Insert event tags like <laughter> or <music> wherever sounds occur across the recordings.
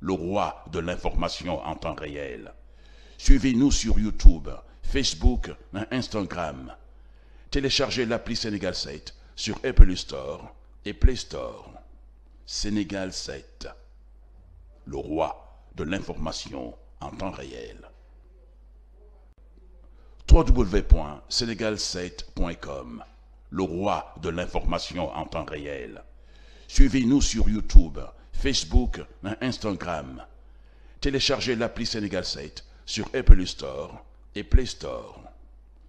le roi de l'information en temps réel. Suivez-nous sur YouTube, Facebook, Instagram. Téléchargez l'appli Sénégal 7 sur Apple Store et Play Store. Sénégal 7, le roi de l'information en temps réel. www.sénégal7.com, le Suivez-nous sur Facebook na Instagram téléchargez l'appli Sénégal 7 sur Apple et Play Store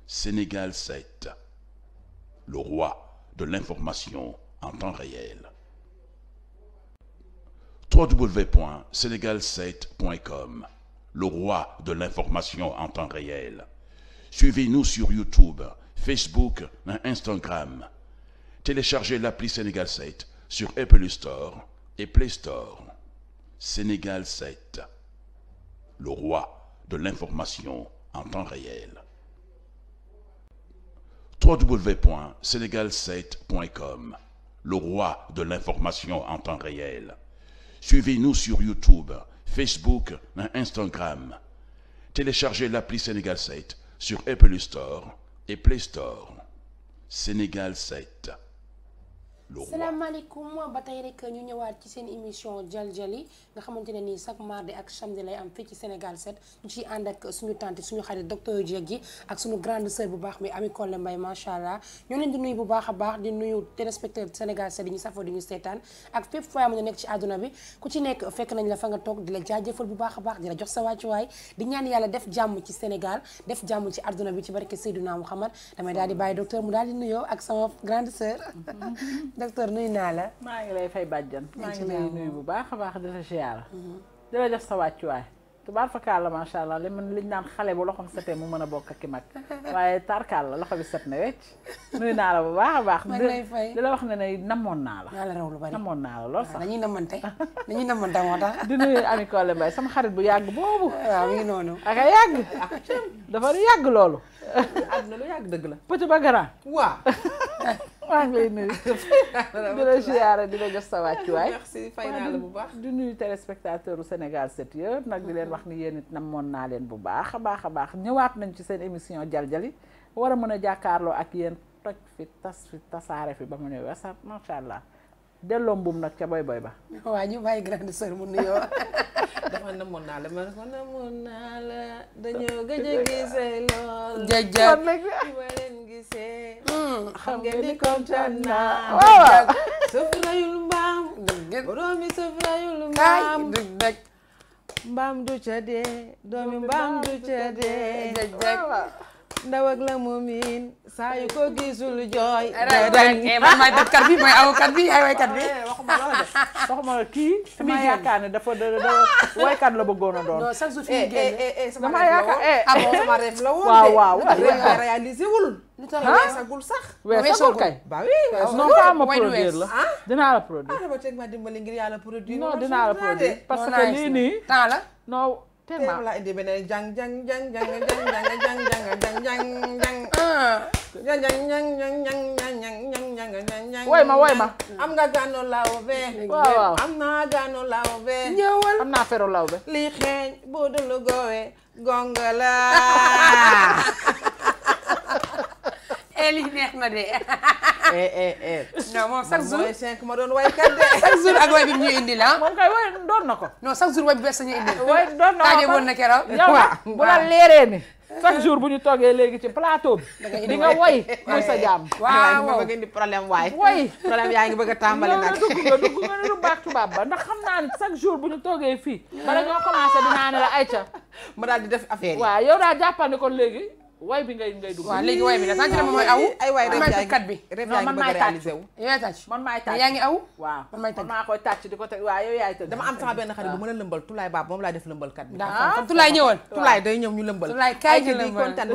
Sénégal 7 le roi de l'information en temps réel www.senegal7.com le roi de l'information en temps réel suivez-nous sur YouTube Facebook na Instagram téléchargez l'appli Sénégal 7 sur Apple Store et Play Store. Sénégal le roi de l'information en temps réel. www.sénégal7.com, le roi de l'information en temps réel. Suivez-nous sur YouTube, Facebook et Instagram. Téléchargez l'appli Sénégal 7 sur Apple Store et Play Store. salaamaaleykum ba tey rek ñu ñëwaat ci seen émission Jal Jali nga xamante ne nii chaque mardi ak samedi lay am fii ci Sénégal 7 ñu ciy ànd ak suñu tante suñu xarit docteur Dieg gi ak suñu grande bu baax mi Ami Collé Mbaye macha allah ñoo leen di nuyu bu baax a baax di nuyu téléspectateur Sénégal 7 di ñu safoo ñu seetaan ak fépp fooy am nekk ci àdduna bi ku ci nekk fekk nañ la fa nga toog di la jaajëfal bu baax a baax di la jox sa wàccuwaay di ñaan yàlla def jàmm ci Sénégal def jàmm ci àdduna bi ci barke mu Mouhamad damay daal di bàyyi docteur mu daal di nuyoo ak sama grande sœur <laughs> docteur nuyu naa la. maa ngi lay fay bàjjan. maa ngi lay nuyu bu baax a baax di la ziyaara. Mhm. di la jox sa wàccuwaay. tubaar fa kaal la macha allah li man liñ naan xale bu loxoom setee mu mën a bokk ak ki mag <laughs> waaye tarkaal la loxo bi set na wecc. nuyu baax a baax. maa ngi wax ne ne namoon naa la. maa la raw lu bari naa lool sax. dañuy namante <laughs> dañuy namante moo tax. di nuyu Ami Collé Mbaye sama xarit bu yàgg boobu. waaw ngi noonu. ak a yàgg. yàgg loolu. am na lu yàgg dëgg la. petit ba grand. waaw. <laughs> maa ngi lay nuyu. <laughs> di la ziyaara di la jox sa wàccuwaay. waay <laughs> fay bu baax di nuyu téléspectateur u Sénégal 7 yëpp nag di leen mm-hmm. wax ni yéen na moon naa leen bu baax a baax a baax ñëwaat nañ ci seen émission jaljali war a mën a jàkkaarloo ak yéen toj fi tas fi tasaare fi ba mu ne wesat macha allah delloo mbuum nag ca boy boy ba. waaw ñu bàyyi grande sœur mu nuyoo. <laughs> dafa namoon naa la ma ne ko namoon naa la dañoo gëj a gisee lool. jajjab li ma leen gisee. Hmm. xam ngeen ni kontaan naa. waaw sëf rayul mbaam. dëgg boroomi sëf rayul mbaam. dëgg dëgg. mbaam du ca dee. doomi mbaam du ca dee. jajjab ndaw ak la mu miin saa yu ko gisul jooy. Eh, man maay dëkkar bi mooy awkat bi ay waykat bi. Eh, waxuma loolu de kii. <laughs> sama yaakaar ne dafa da da waykat la bëggoon a doon. non chaque jour fi mu eh, génne. sama rêve la woon waaw waaw waaw réalisé wul. lu tax la. Ah? dinaa la produire. ah dama teg téema la indi beneen jàng jàng jàng jàng jàng jàng jàng jàng jàng jàng woy ma woy ma am nga gànnu lawbe waaw am naa gànnu lawbe ñëwal am naa feru lawbe li xeeñ bu dul goowe gongala eli neex na de. non moom chaque jour mooy cinq ma doon waykat de. chaque jour ak bi ñu indi la moom kay way doon na ko. non chaque jour way bi bees ñu indi. way doon na ko taaje woon na keroog. waaw bu jour bu ñu toogee léegi ci plateau bi. di nga woy sa jàmm. waaw waaw bëgg indi problème waay. woy problème yaa ngi bëgg a tàmbali nag. dugg nga dugg nga lu baax ba ndax xam naa ne chaque jour bu ñu toogee fii. bala ñoo commencé dinaa ne la ayca. ma daal di def affaire yi. waaw yow daal jàppandi kon léegi waaye bi ngay ngay dugg. waaw léegi mooy aw. ay waay rek yaa ngi kat bi. non man man maay yaa ngi aw. waaw man maay tàcc man maa koy tàcc di ko tàcc waaw yow yaay dama am sama benn xarit bu ah. mën a lëmbal Tulaay Baab moom laa def lëmbal kat bi. ah Tulaay ñëwoon. day ñëw ñu lëmbal. Tulaay kaay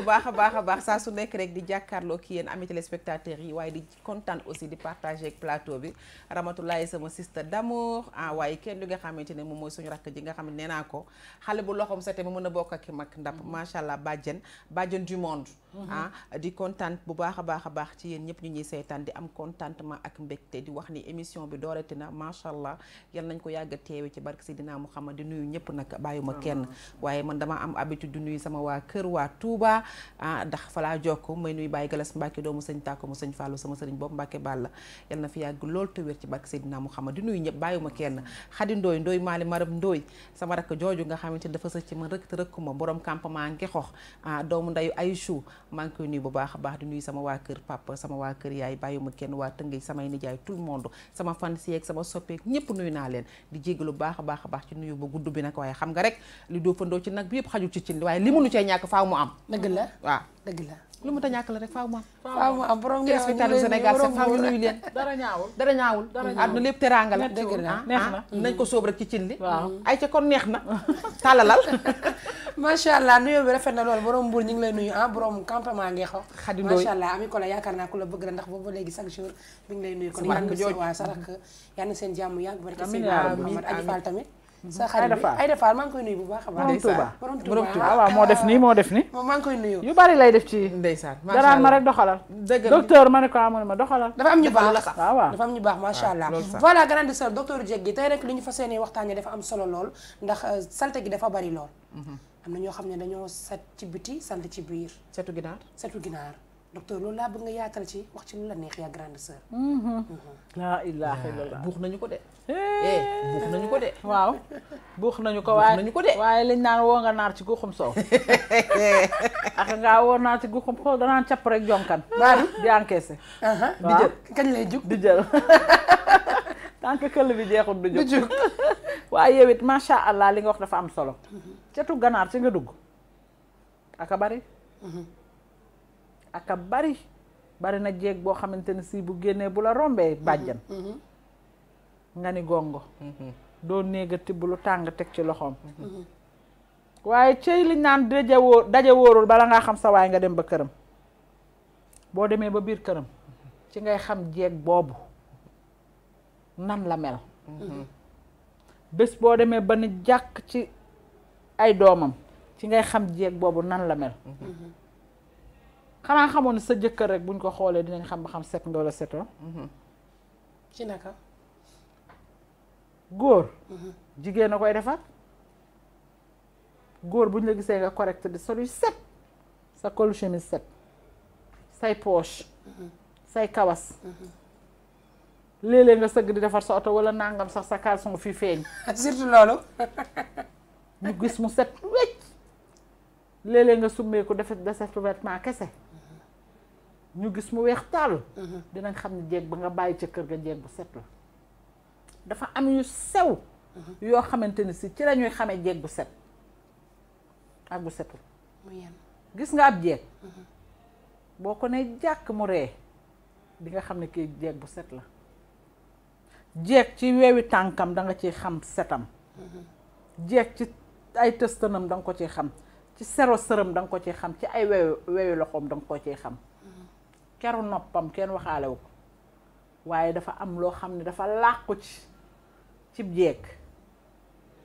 baax a baax a baax saa su nekk rek di jàkkaarloo ki yéen amis téléspectateurs yi waaye di kontaan aussi di partager ak plateau bi Ramatulaay sama sister d'amour ah waaye kenn du nga xamante ne moom mooy suñu rakk ji nga xam ne nee naa ko xale bu loxom sete mu mën a bokk ak mag ndap mm-hmm. macha allah bàjjen bàjjen du monde ah mhm. di kontaan bu baax a baax a baax ci yéen ñëpp ñu ñuy seetaan di am contentement ak mbégte di wax ni émission bi doorati na macha allah yal nañ ko yàgg a teewe ci barke Seydina Muhammad di nuyu ñëpp nag bàyyuma kenn waaye man dama am habitude di sama waa kër waa Touba ah ndax falaa jokk may nuyu Baye Galas Mbacke doomu sëñ Tàkko mu sëñ Fallou sama sëriñ boobu Mbacke Balla yal na fi yàgg lool te wér ci barke Seydina Muhammad di nuyu ñëpp bàyyuma kenn Xadi Ndooy Ndooy Maali Maram Ndooy sama rakk jooju nga xamante dafa sëcc man rëkk te rëkkuma borom campement ngi xox ah doomu ndayu Aychou maa ngi koy nuyu bu baax a baax di nuyu sama waa kër papa sama waa kër yaay ma kenn waa tëngéej samay nijaay tout le monde sama fans yeeg sama soppeeg ñëpp nuyu naa leen di lu baax a baax a baax ci nuyu ba gudd bi nag waaye xam nga rek li doo fandoo ci nag bi yëpp xajul ci cin li waaye li mënu cee ñàkk faaw mu am dëgg la waaw dëgg la lu mu ta ñàkk la rek faaw mu am. faaw mu am borom ñëw hôpital Sénégal c'est faaw nuyu leen. <laughs> dara ñaawul dara ñaawul. àdduna lépp teraanga la. neex na ah. nañ ko sóob rek ci cin li. waaw <laughs> ay ca kon neex na. <laughs> tàllalal. macha allah nuyoo bi rafet na lool borom Mbour ñu ngi lay nuyu ah borom campement ngi xaw. xadi ndooy macha ko la yaakaar naa ku la bëgg la ndax boobu léegi chaque jour. mi ngi lay nuyu kon yàgg jooju waaw sarak yàlla na seen jàmm yàgg. amiin amiin barke seen Muhammad Aji Fall tamit Mhm. sa xarit bi Aïda Fall maa koy nuyu bu baax a baax. ndeysaan borom Touba waaw moo def nii moo def nii. maa ngi koy nuyu. yu bari lay def ci. ndeysaan macha allah daraan ma rek doxalal. dëgg docteur ma ne ko amoon ah, ma doxalal. dafa am ñu baax waaw am ñu baax macha ah, allah. voilà grande sœur docteur Dieg gi tey rek li ñu fas yéenee waxtaanee dafa am solo lool ndax euh, salte gi dafa bari lool. Mhm. am na ñoo xam ne dañoo set ci biti sant ci biir. setu ginaar setu ginaar. docteur loolu laa bëgg nga yaatal ci wax ci lu la neex yaa grande sœur. Mm-hmm. Mm-hmm. la ilaha ah, illallah buux nañu ko de. Eh, eh, buux nañu ko de. <laughs> waaw buux nañu ko waaye nañu ko lañ naan woo nga naar ci guxum soow. <laughs> ak ngaa woo naar ci guxum soow danaan capp rek jonkan. maanaam di encaissé. Uh-huh. di jël kañ lay jug <laughs> këll bi jeexul du waaye yow it allah li nga wax dafa am solo. Mm-hmm. catu ganaar ci nga dugg. aka bari. ak a bari bari na jeeg boo xamante ne si bu génnee bu la rombee bàjjan mm-hmm. Mm-hmm. nga ni gongo mm-hmm. doo néega tibb lu tàng teg ci loxoom waaye cey li naan daje wóor wóorul bala ngaa xam sa waay nga dem ba këram boo demee ba biir këram ci ngay xam jeeg boobu nan la mel bés boo demee ba ni jàkk ci ay doomam ci ngay xam jeeg boobu nan la mel xanaa xamoon sa jëkkër rek ñu ko xoolee dinañ xam ba xam set nga wala setoo mhm. ci naka góor mhm. jigéen a koy defar góor buñ la gisee nga correct di sol set sa col chemise set say poche mhm. say kawas léeg-léeg nga sëgg di defar sa oto wala nangam sax sa caleçon fi feeñ <laughs> surtout loolu ñu gis mu set wecc léeg-léeg nga summeeku defet deset vêtement kese ñu gis mu weex tàll uh-huh. dinañ xam ne jeeg ba nga bàyyi ca kër ga jeeg bu set la dafa am yu sew uh-huh. yoo xamante ni si ci la xame xamee jeeg bu set ak bu setul gis nga ab jeeg uh-huh. boo ko ne jàkk mu ree di nga xam ne kii jeeg bu set la jeeg ci weewi tànkam danga nga xam setam jeeg ci ay tëstanam da nga ko ciy xam ci sero sëram da nga ko ciy xam ci ay weewi weewi loxoom danga nga ko ciy xam keru noppam kenn waxaalewu ko waaye dafa am loo xam ne dafa làqu ci cib jeeg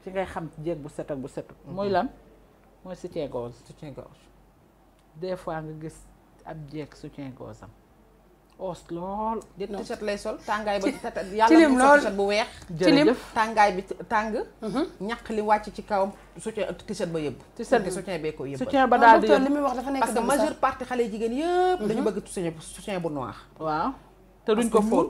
ci ngay xam jeeg bu set ak bu set muy mhm. lan mooy soutien-gorge soutien-gorge des fois nga gis ab jeeg soutien-gorge am os lool. t-shirt lay sol tàngaay ba yàlla mu sol t-shirt bu weex. jërëjëf tàngaay bi tàng. Mhm. ñaq li wàcc ci kawam soutien t ba yëbb. t-shirt bi soutien bee ko yëbb. soutien ba daal di yëbb li muy wax dafa nekk parce que majeure partie xale jigéen yëpp. dañu mhm. bëgg soutien bu noir. waaw te duñ ko fóot.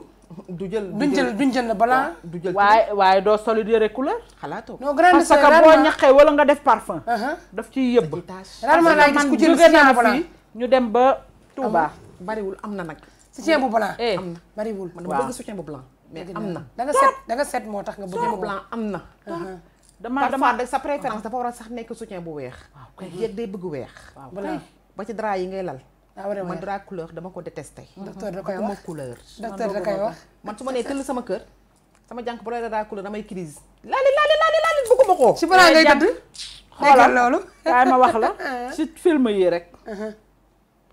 du jël duñ jël duñ jël balaa. du jël waaye waaye doo solide yére couleur. xalaatoo non grande sœur parce boo ñaqee wala nga def parfum. Uh-huh. daf ciy yëbb. rarement laa gis ku jël ci ñu dem ba tuubaa bariwul am na nag soutien bu blanc. Eh, am na bariwul man dama bëgg soutien bu blanc. mais am na da nga set da nga set moo tax nga bëgg bu blanc am na. Uh-huh. dama dama sa préférence dafa war a sax nekk soutien bu weex. waaw kay yéeg day bëgg weex. waaw ba ci drap yi ngay lal. Ah, man drap couleur dama ko détesté. Mm-hmm. docteur da koy wax da koy wax man su ma nee tëll sama kër. sama jànk bu lay drap couleur damay crise laali laali laali laali bëgguma ko. ci balaa ngay tëdd. xoolal loolu. waaye ma wax la <laughs> uh-huh. ci film yi rek. Uh-huh.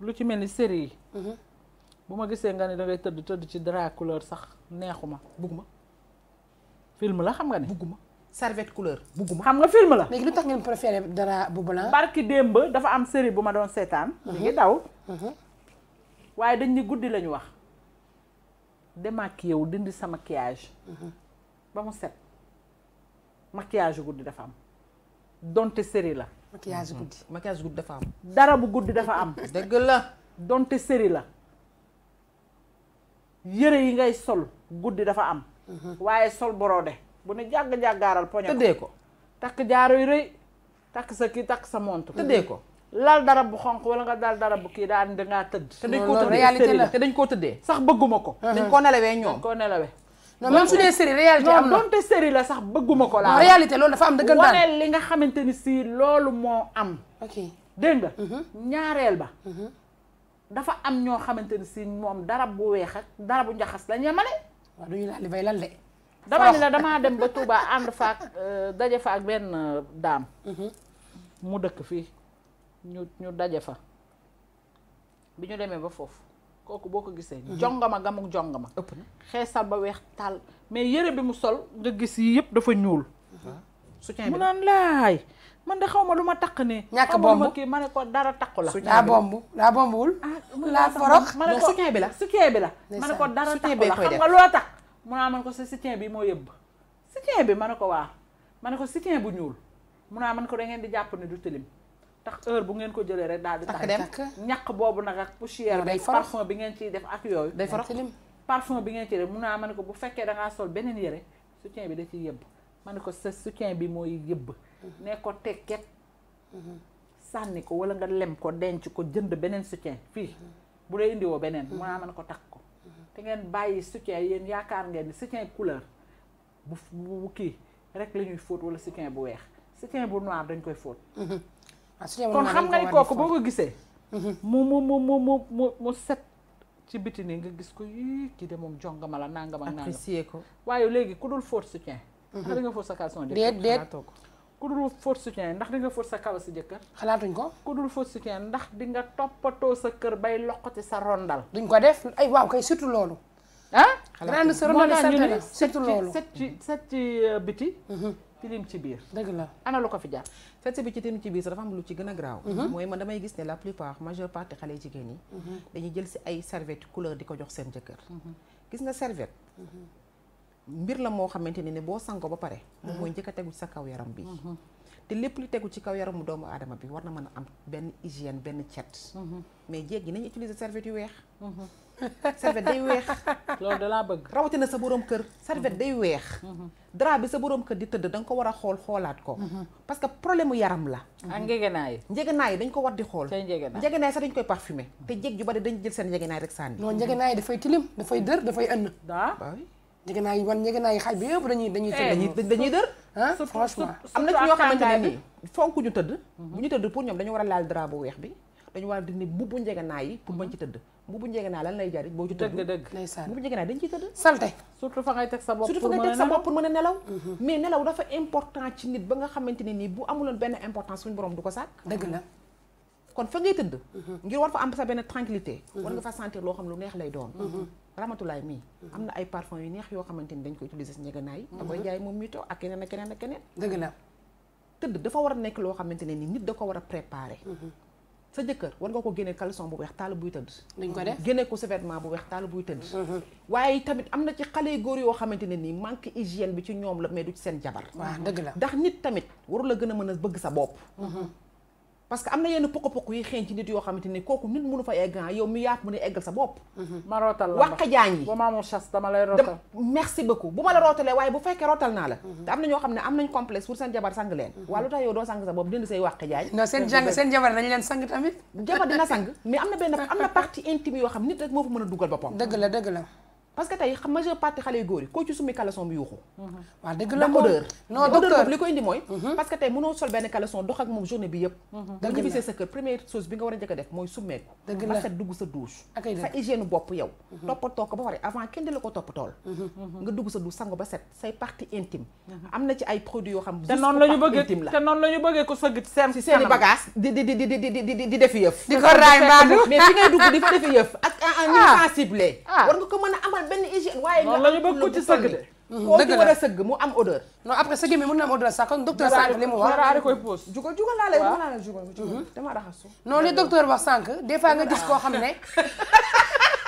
lu ci mel ni série yi. bu ma gisee nga ne dangay tëdd tëdd ci dara couleur sax neexuma ma film la xam nga ne bugguma serviette couleur bugguma xam nga film la léegi lu tax ngeen préféré drap bu blanc barki démb dafa am série bu ma doon seetaan li mhm. ngi daw mhm. waaye dañ ni guddi lañu wax démaquillé wu dindi sa maquillage mhm. ba mu set maquillage guddi dafa am donte série la maquillage guddi maquillage guddi dafa am dara bu guddi dafa am dëgg la donte séri la yëre yi ngay sol guddi dafa am mhm. waaye sol borode bu ne jàgg-jàggaaral poñe tëddee ko takk jaaro yu rëy takk sa kii takk sa montre tëddee ko lal dara bu xonq wala nga dal dara bu kii daan dangaa tëdd te dañ koo tëddee réalité la te dañ koo tëddee sax bëgguma ko mhm. dañ koo nelawee ñoom koo nelawee non même su dee série réalité am na donte la sax bëgguma ko laa réalité loolu dafa am dëggal daal wane li nga xamante ni sii loolu moo am ok dégg nga mhm. ñaareel ba dafa am ñoo xamante ni si moom dara bu weex ak dara bu njaxas lañ yemale. waaw du ñu laal li dama damaa dem ba Touba ànd fa ak euh, daje fa ak benn euh, daam. Mhm. mu dëkk fii ñu ñu daje fa. bi ñu demee ba foofu kooku boo ko gisee. Mhm. jongama gamuk jongama. ëpp na xeesal ba weex tàll mais yére bi mu sol nga gis yii yëpp dafa ñuul. Mhm. mu naan laay. man de xaw ma lu ma taq ne. ñàkk a bomb kii ma ne ko dara takku la. daa bomb daa bombul. laa ah, forox ma ne ko soutien bi la soutien bi la. ma ne ko dara takku la xam nga loo tax. mu naa man ko sa soutien bi moo yëbb. soutien bi ma ne ko waa ma ne ko soutien bu ñuul mun naa man ko da ngeen di jàpp ne du tilim tax heure bu ngeen ko jëlee rek daal di takk ñàq boobu nag ak poussière bi parfum bi ngeen ciy def ak yooyu day forox parfum bi ngeen ciy def mun naa ma ne ko bu fekkee dangaa sol beneen yére soutien bi da ciy yëbb ma ne ko sa soutien bi mooy yëbb ne ko tekket sànni ko wala nga lem ko denc ko jënd beneen soutien fii bu dee indiwoo beneen mun naa mën ko takk ko te ngeen bàyyi soutien yéen yaakaar ngeen ni soutien couleur bu bu kii rek la fóot wala soutien bu weex soutien bu noir dañ koy fóot <laughs> ah, kon xam nga ni kooku boo ko gisee <laughs> mu mu mu mu mu mu set ci biti nii nga gis ko yii kii de moom jongama la nangam ak nangam apprécier ko waaye léegi ku dul fóot soutien. <laughs> xam nga fóot sa caleçon déet déet ku dul force soutien ndax di nga force sa kaw sa jëkkër. xalaatuñ ko. ku dul force soutien ndax di nga toppatoo sa kër bay loqati sa rondal. duñ ko def ay waaw kay surtout loolu. ah xalaatuñ ko moo tax ñu ne surtout loolu set ci euh, mhm. ci biir. dëgg la ana lu ko fi jaar. set ci biti ci biir dafa am lu ci gën a graaw. Mhm. mooy man damay gis ne la plupart majeure partie xale jigéen yi. Mhm. dañuy jël si ay serviette couleur di ko jox seen jëkkër. gis nga serviette. mbir la moo xamante ne ne boo sango ba pare moom mooy njëkk tegu ci sa kaw yaram bi mm-hmm. te lépp lu tegu ci kaw yaramu doomu aadama bi war na mën a am benn hygiène benn cet mm-hmm. mais jéeg gi nañu servet yu weex mm-hmm. <laughs> serviette day weex <laughs> loolu da laa bëgg rawatina sa borom kër serviette day weex drap bi sa borom kër di tëdd da ko war a xool xoolaat ko parce que problème yaram la ak njegenaay njegenaay dañ ko war di xool njegenaay sax dañ koy parfumer te jéeg ju bari dañ jël seen njegenaay rek sànni non njegenaay dafay tilim dafay dër dafay ënn njëgënaay wan njëgënaay xaaj bi yëpp dañuy eh, dër ah am na ci ñoo xamante nii fonk ñu tëdd mhm. bu ñu tëdd pour ñoom dañu war a laal drap bu weex bi dañu war a dindi mbubu njëgënaay yi pour mën ci tëdd mbubu njëgënaay lan lay jariñ boo ci tëdd dëgg mbubu njëgënaay dañ ciy tëdd salte surtout fa ngay teg sa bopp pour mën a nelaw mhm. mais nelaw dafa important ci nit ba nga xamante ne nii bu amuloon benn importance suñu borom du ko sàkk dëgg la kon fa ngay tëdd mhm. ngir war fa am sa benn tranquillité mhm. war nga fa sentir loo xam lu neex lay doon mhm. ramatulaay mii am na ay parfum yu neex yoo xamante ni dañ koy utiliser si njëganaay da koy jaay moom mito ak keneen keneen ak keneen dëgg tëdd dafa war a nekk loo xamante ne ni nit da ko war a préparer sa jëkkër war nga ko génne caleçon bu weex taal buy tëdd dañ ko def génne ko sa bu weex taal buy tëdd waaye tamit am na ci xale yu góor yoo xamante ne nii manque hygiène bi ci ñoom la mais du ci seen jabar waa dëgg la ndax nit tamit warul la gën a mën a bëgg sa bopp parce que am na yenn poko-poko yi xeeñ ci nit yoo xamante ni kooku nit mënu fa eggan ah, yow mi yaat mën a eggal sa bopp mm-hmm. ma rootal la wàq merci beaucoup bu ma la rootalee waaye bu fekkee rootal naa la mm-hmm. te am na ñoo xam ne am nañ complexe pour seen jabar sang leen mm-hmm. waaw lu tax yow doo sang sa bopp dindi say wàq jaan non seen jabar dañ leen sang tamit jabar dina sang mais am na benn am na partie intime yoo xam nit rek moo fa mën a dugal boppam dëgg la dëgg la parce que tey majeure partie xale yu góor yi koo summi caleçon bi yuuxu mhm. waaw dëgg la odeur non odeur li ko indi mooy mhm. parce que tey mënoo sol benn caleçon dox mhm. sa kër première chose bi nga war a njëkk a def mooy summeeku parce que dugg sa douche ko ba pare avant kenn di la ko toppatool nga dugg sa douche sango ba set say partie intime am na ci ay produits yoo xam te noonu la ñu bëggee intime la te noonu la ñu bëggee ko sëgg seen si seen i bagage di di di di di di di di def yëf di ko raay mbaadu mais fi ngay dugg di fa def yëf ak en ah. sensible ah. war nga benn hygiène waaye nga la ñu bëgg ko ci sëgg de koo ci war a sëgg mu am odeur non après sëgg mi mën na am odeur sax kon docteur sànq li mu wax daraa koy pose jugal jugal laa lay mën naa la jugal jugal mhm. dama nga gis koo xam ne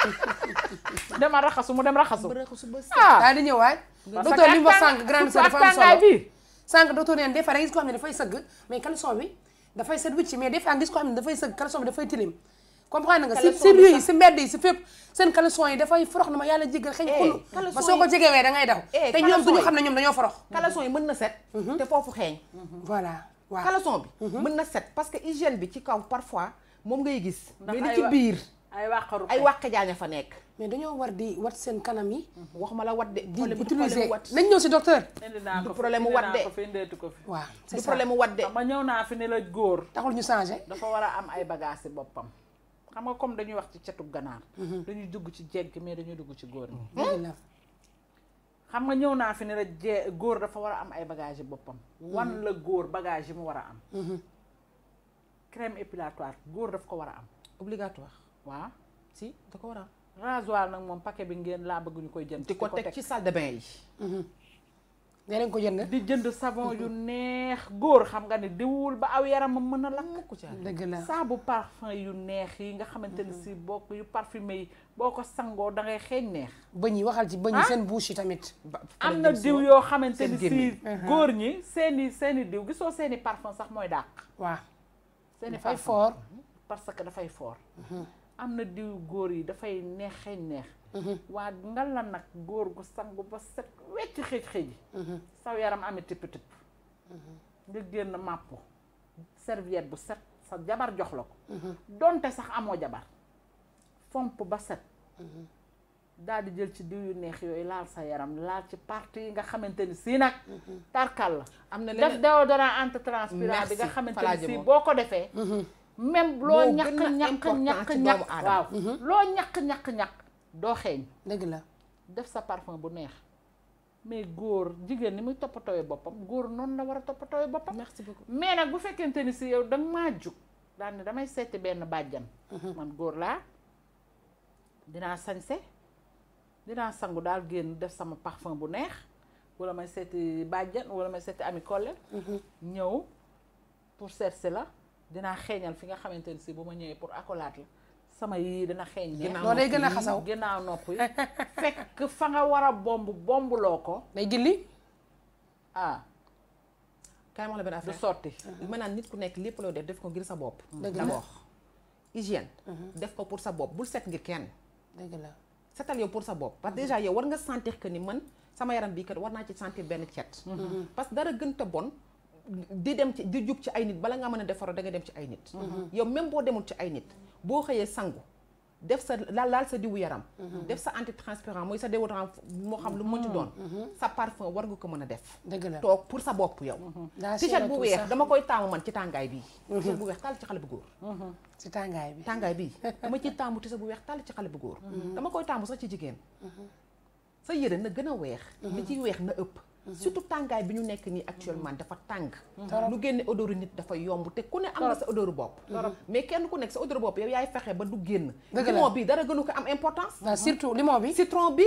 <laughs> ah. di ñëwaay docteur li wax sànq grande sœur dafa am solo ne dafay sëgg mais caleçon bi dafay set wicc mais des fois nga gis koo xam ne dafay sëgg caleçon dafay tilim comprendre nga si si rue yi si mbedd yi si fépp seen caleçon yi dafay forox na ma yàlla jéggal xëy eh, xullu ba soo ko jegewee da ngay daw eh, te ñoom na set mhm. te mhm. mhm. parce que hygiène bi ci kaw parfois moom ngay gis mais li ci biir ay wàqaru ay wàq jaaña fa nekk mais dañoo war di wat seen kanam yi wax ma la wat de di utiliser nañ ñëw si docteur du problème mu wat de waaw du problème wat de taxul ñu changé dafa war a am ay bagage si boppam xam nga comme dañuy wax ci cetu ganaar mhm. dañuy dugg ci jeeg mais dañuy dugg ci góor ñi mhm. xam nga ñëw naa fi ne la jee góor dafa war a am ay bagage boppam mhm. wan la góor bagage yi mu war a am crème épilatoire góor daf ko war a am obligatoire waa si da ko war a am nag moom paquet bi ngeen laa bëgg ñu koy jënd di ko teg ci salle de yi nee nañ ko jënd di jënd savon yu neex góor xam nga ne diwul ba aw yaramam mën a lakk ko ci mm-hmm. dëgg la saabu parfum yu neex yi nga xamante ne mm-hmm. si boo yu parfumé yi boo ko sangoo da ngay xeeñ neex bëñ yi waxal ci bëñ yi ah? seen bouche yi tamit am na diw yoo xamante ni si mm-hmm. góor ñi seeni seeni diw gisoo seeni parfum sax mooy dàq waaw seeni parfum fort parce que dafay fort am na diw góor yi dafay neex xëy mhm. neex waa nga la nag góor gu sangu ba set wecc xëj xëj mhm. saw yaram amee tipp tipp mhm. nga génn màppu serviette bu set sa jabar jox la ko donte sax amoo jabar fomp ba set daal di jël ci diw yu neex yooyu laal sa yaram laal ci parti yi nga xamante ni sii nag tarkal la am na def déodorant antitranspirant bi nga xamante ni si boo ko defee même mhm. loo ñàkk ñàkk ñàkk waaw loo ñaq ñàkk ñàkk doo xeeñ la def sa parfum bu neex mais góor jigéen ni muy toppatooy boppam góor noonu la war a toppatooy boppam merci beaucoup mais nag bu fekkente ni si yow danga maa jug daal ne damay seeti benn bàjjan mhm. man góor laa dinaa sañse dinaa sangu daal génn def sama parfum bu neex wala may seeti bàjjan wala may seeti ami collègue mhm. ñëw pour seet si la dinaa xeeñal fi nga xamante ne si bu ma ñëwee pour accolade la sama yii dina xeeñ ginnaaw lay gën a xasaw <laughs> ginnaaw nopp yi <laughs> fekk fa nga war a bomb bomb loo ko day gilli ah kaay ma la benn affaire uh-huh. ma naan nit ku nekk lépp loo def def ko ngir sa bopp d'abord hygiène uh-huh. def ko pour sa bopp bul set ngir kenn dëgg la setal yow pour sa bopp parce que uh-huh. déjà yow war nga sentir que ni man sama yaram bii kat war naa ci sentir benn cet parce que dara gën te bon di dem ci di jub ci ay nit bala nga mën a defaroo da nga dem ci ay nit mm-hmm. Mm-hmm. yow même boo demul ci ay nit boo xëyee sangu def sa laal sa diwu yaram mm-hmm. def sa antitranspirant mooy sa déodorant moo xam lu mu ci doon sa parfum war nga ko mën a def toog pour sa bopp yow t-shirt bu weex dama koy taamu man ci tàngaay bii t bu weex tàll ci xale bu góor ci tàngaay bi tàngaay bii <laughs> dama ciy taamu t-shirt bu weex ci xale bu góor dama koy taamu sax ci jigéen sa yére na gën a weex li ci weex na ëpp surtout tàngaay bi ñu nekk nii actuellement dafa tàng lu génne odoru nit dafa yomb te ku ne am na sa odoru bopp mais kenn ku nekk sa odoru bopp yow yaay fexe ba du génn limon bi dara gënu ko am importance ah, surtout limon bi citron bi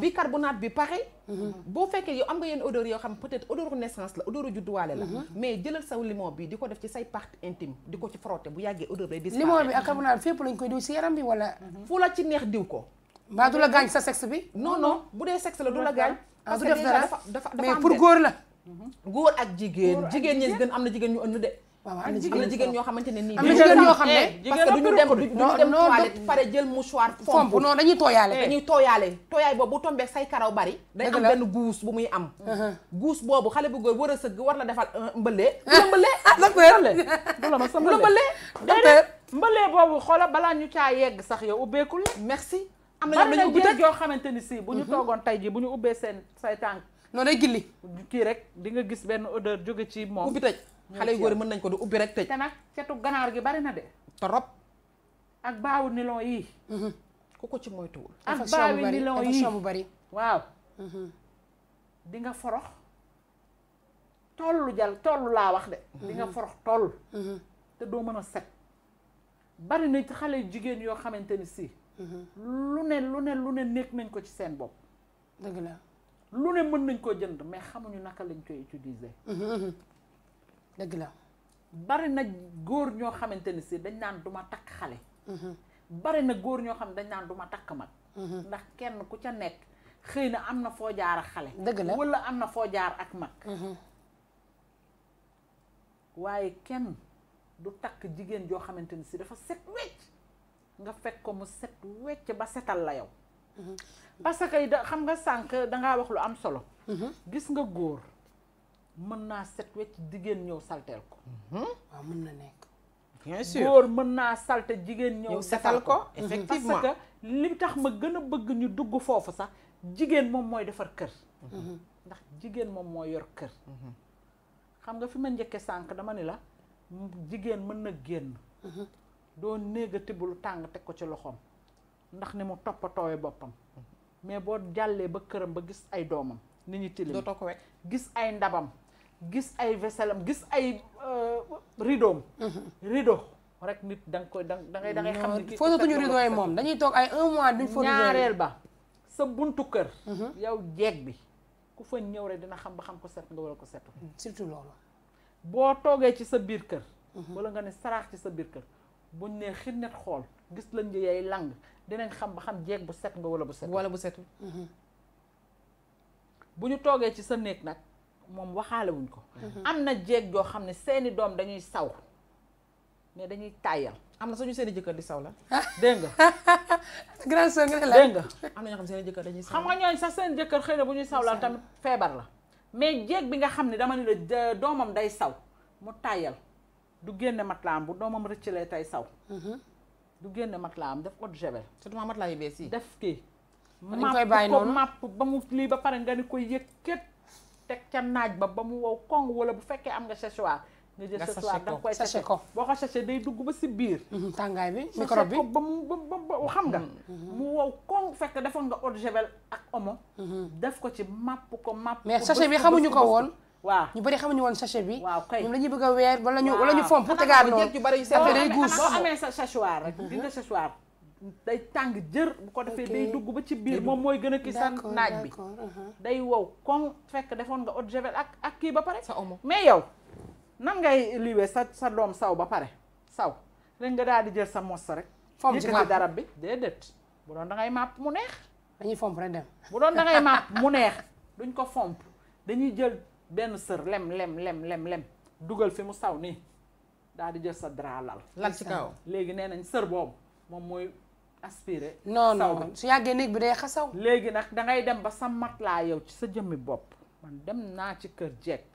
bicarbonate mhm. bi pareil mhm. boo fekkee yow am nga yenn yoo xam peut-être odoru naissance la odoru judduwaale la mhm. mais jëlal sa limon bi di ko def ci say partie intime di ko ci frotter bu yàggee odeur day disparaître limon bi ak carbonate fépp lañ koy diw si yaram bi wala fu la ci neex diw ko mbaa du la gaañ sa sexe bi. non non bu dee sexe la du la gaañ. Ah, parce que déjà dafa dafa am pour góor la. góor ak jigéen jigéen ñi gën am na jigéen ñu ënn de. waaw am na jigéen ñoo xamante ne nii. am na jigéen ñoo xam ne eh, parce que duñu dem duñu dem toilette pare jël mouchoir. fomp non dañuy tooyaale. dañuy tooyaale tooyaay boobu bu tombee say karaw bari. day am benn guus bu muy am. Uh-huh. guus boobu xale bu góor war a sëgg war la defal mbëlee. Euh, mbëlee <laughs> ah mbëlee. Ah, du la ma sa mbëlee mbëlee boobu xoola balaa ñu caa yegg sax yow ubbeekul merci am na ñoom dañu ubbi tey yoo xamante ni si bu ñu mhm. toogoon tey ji bu ñu ubbee seen say tànk noonu day gilli kii rek di nga gis benn odeur jóge ci moom ubbi tëj xale yu góor mën nañ ko du ubbi rek tëj te nag cetu ganaar gi bari na de torop ak baawu nilon yi mhm. ku ko ci moytuwul ak baawu nilon yi dafa bari waaw mhm. di nga forox tollu jal tollu laa wax de di nga forox toll te doo mën a set bari na ci xale jigéen yoo xamante ni si lu ne lu ne lu ne nekk nañ ko ci seen bopp. dëgg la lu ne mën nañ koo jënd mais xamuñu naka lañ koy utiliser. dëgg la. bari na góor ñoo xamante ni si dañ naan duma takk xale. bari na góor ñoo xam ne dañ naan duma takk mag. ndax kenn ku ca nekk xëy na am na foo jaar ak xale. dëgg la wala am na foo jaar ak mag. waaye kenn du takk jigéen joo xamante ni si dafa set wecc. nga fekk ko mu set wecc ba setal la yow. Mhm. parce que da xam nga sànq dangaa wax lu am solo. Mhm. gis nga góor mën naa set wecc jigéen ñëw salteel ko. Mhm. waaw na nekk. mën naa salte jigéen ñëw. setal ko effectivement parce que li tax ma gën a bëgg ñu dugg foofu sax jigéen moom mooy defar kër. ndax jigéen moom mooy yor kër. xam nga fi ma njëkkee sànq dama ni la jigéen mën na génn. doo néeg a tibb lu tàng teg ko ci loxoom ndax ni mu toppatoowee boppam mais boo jàllee ba këram ba gis ay doomam ni ñu tilim toog ko wekk gis ay ndabam gis ay vaisselam gis ay euh, ridoom mm-hmm. rido rek nit da nga koy da ngay da ngay xam ni foosatuñu rido yi moom dañuy toog ay un mois duñ fa ñaareel ba sa buntu kër mm-hmm. yow jeeg bi ku fa ñëw rek dina xam ba xam ko set nga wala ko setu surtout loolu boo toogee ci sa biir kër mm-hmm. wala nga ne saraax ci sa biir kër buñ nee xirnet xool gis lañ di yay lang dinañ xam ba xam jeeg bu set nga wala bu set wala bu setul mhm. bu ñu toogee ci sa néeg nag moom waxaale wuñ ko mhm. am na jeeg joo xam ne seeni doom dañuy saw mais dañuy tàyyal am na suñu seen i jëkkër di saw la ah. dégg nga <laughs> grand sœur nga la dégg nga am na ñoo xam seen jëkkër dañuy saw xam nga ñooñ sa seen jëkkër xëy ne bu ñuy saw la tamit feebar la mais jeeg bi nga xam ne dama ne la euh, doomam day saw mu tàyyal du génne matlaam bu doomam rëccalee tey saw. Mhm. du génne matlaam def eau de javel. surtout ma matlaam yu bees yi. def kii. dañ koy bàyyi noonu màpp ko màpp ba mu lii ba pare nga ni ko yëkkat teg ca naaj ba ba mu wow kong wala bu fekkee am nga séchoir. nga jël séchoir da nga koy séché ko boo ko séché day dugg ba si biir. Mhm, tàngaay bi microbe bi ba mu ba ba ba xam nga. Mhm. mu wow kong fekk defoon nga eau ak omo. def ko ci màpp ko màpp. mais séché bi xamuñu ko woon. waaw ñu bëri xamuñu woon sachet bi waaw kay ñoom la ñuy bëgg a weer wala ñu wala ñu fomp tegaat noonu mhm. nga sachoir day tàng jër bu ko defee day dugg ba ci biir moom mooy gën a kii sa naaj bi uh-huh. day wow kon fekk defoon nga eau de ak ak kii ba pare sa omo mais yow nan ngay liwee sa sa doom saw ba pare saw rek nga daal di jël sa mos rek fomp ci darab bi déedéet bu doon da ngay màpp mu neex dañuy fomp rek dem bu doon da ngay mu neex duñ ko fomp dañuy jël benn sër lem lem lem lem lem dugal fi mu saw nii daal di jël sa drap lal. lal ci kaw léegi nee nañ sër boobu moom mooy aspiré. non non su yàggee néeg bi day xasaw. léegi nag dangay ngay dem ba sa matelas yow ci sa jëmmi bopp dem naa ci kër jekk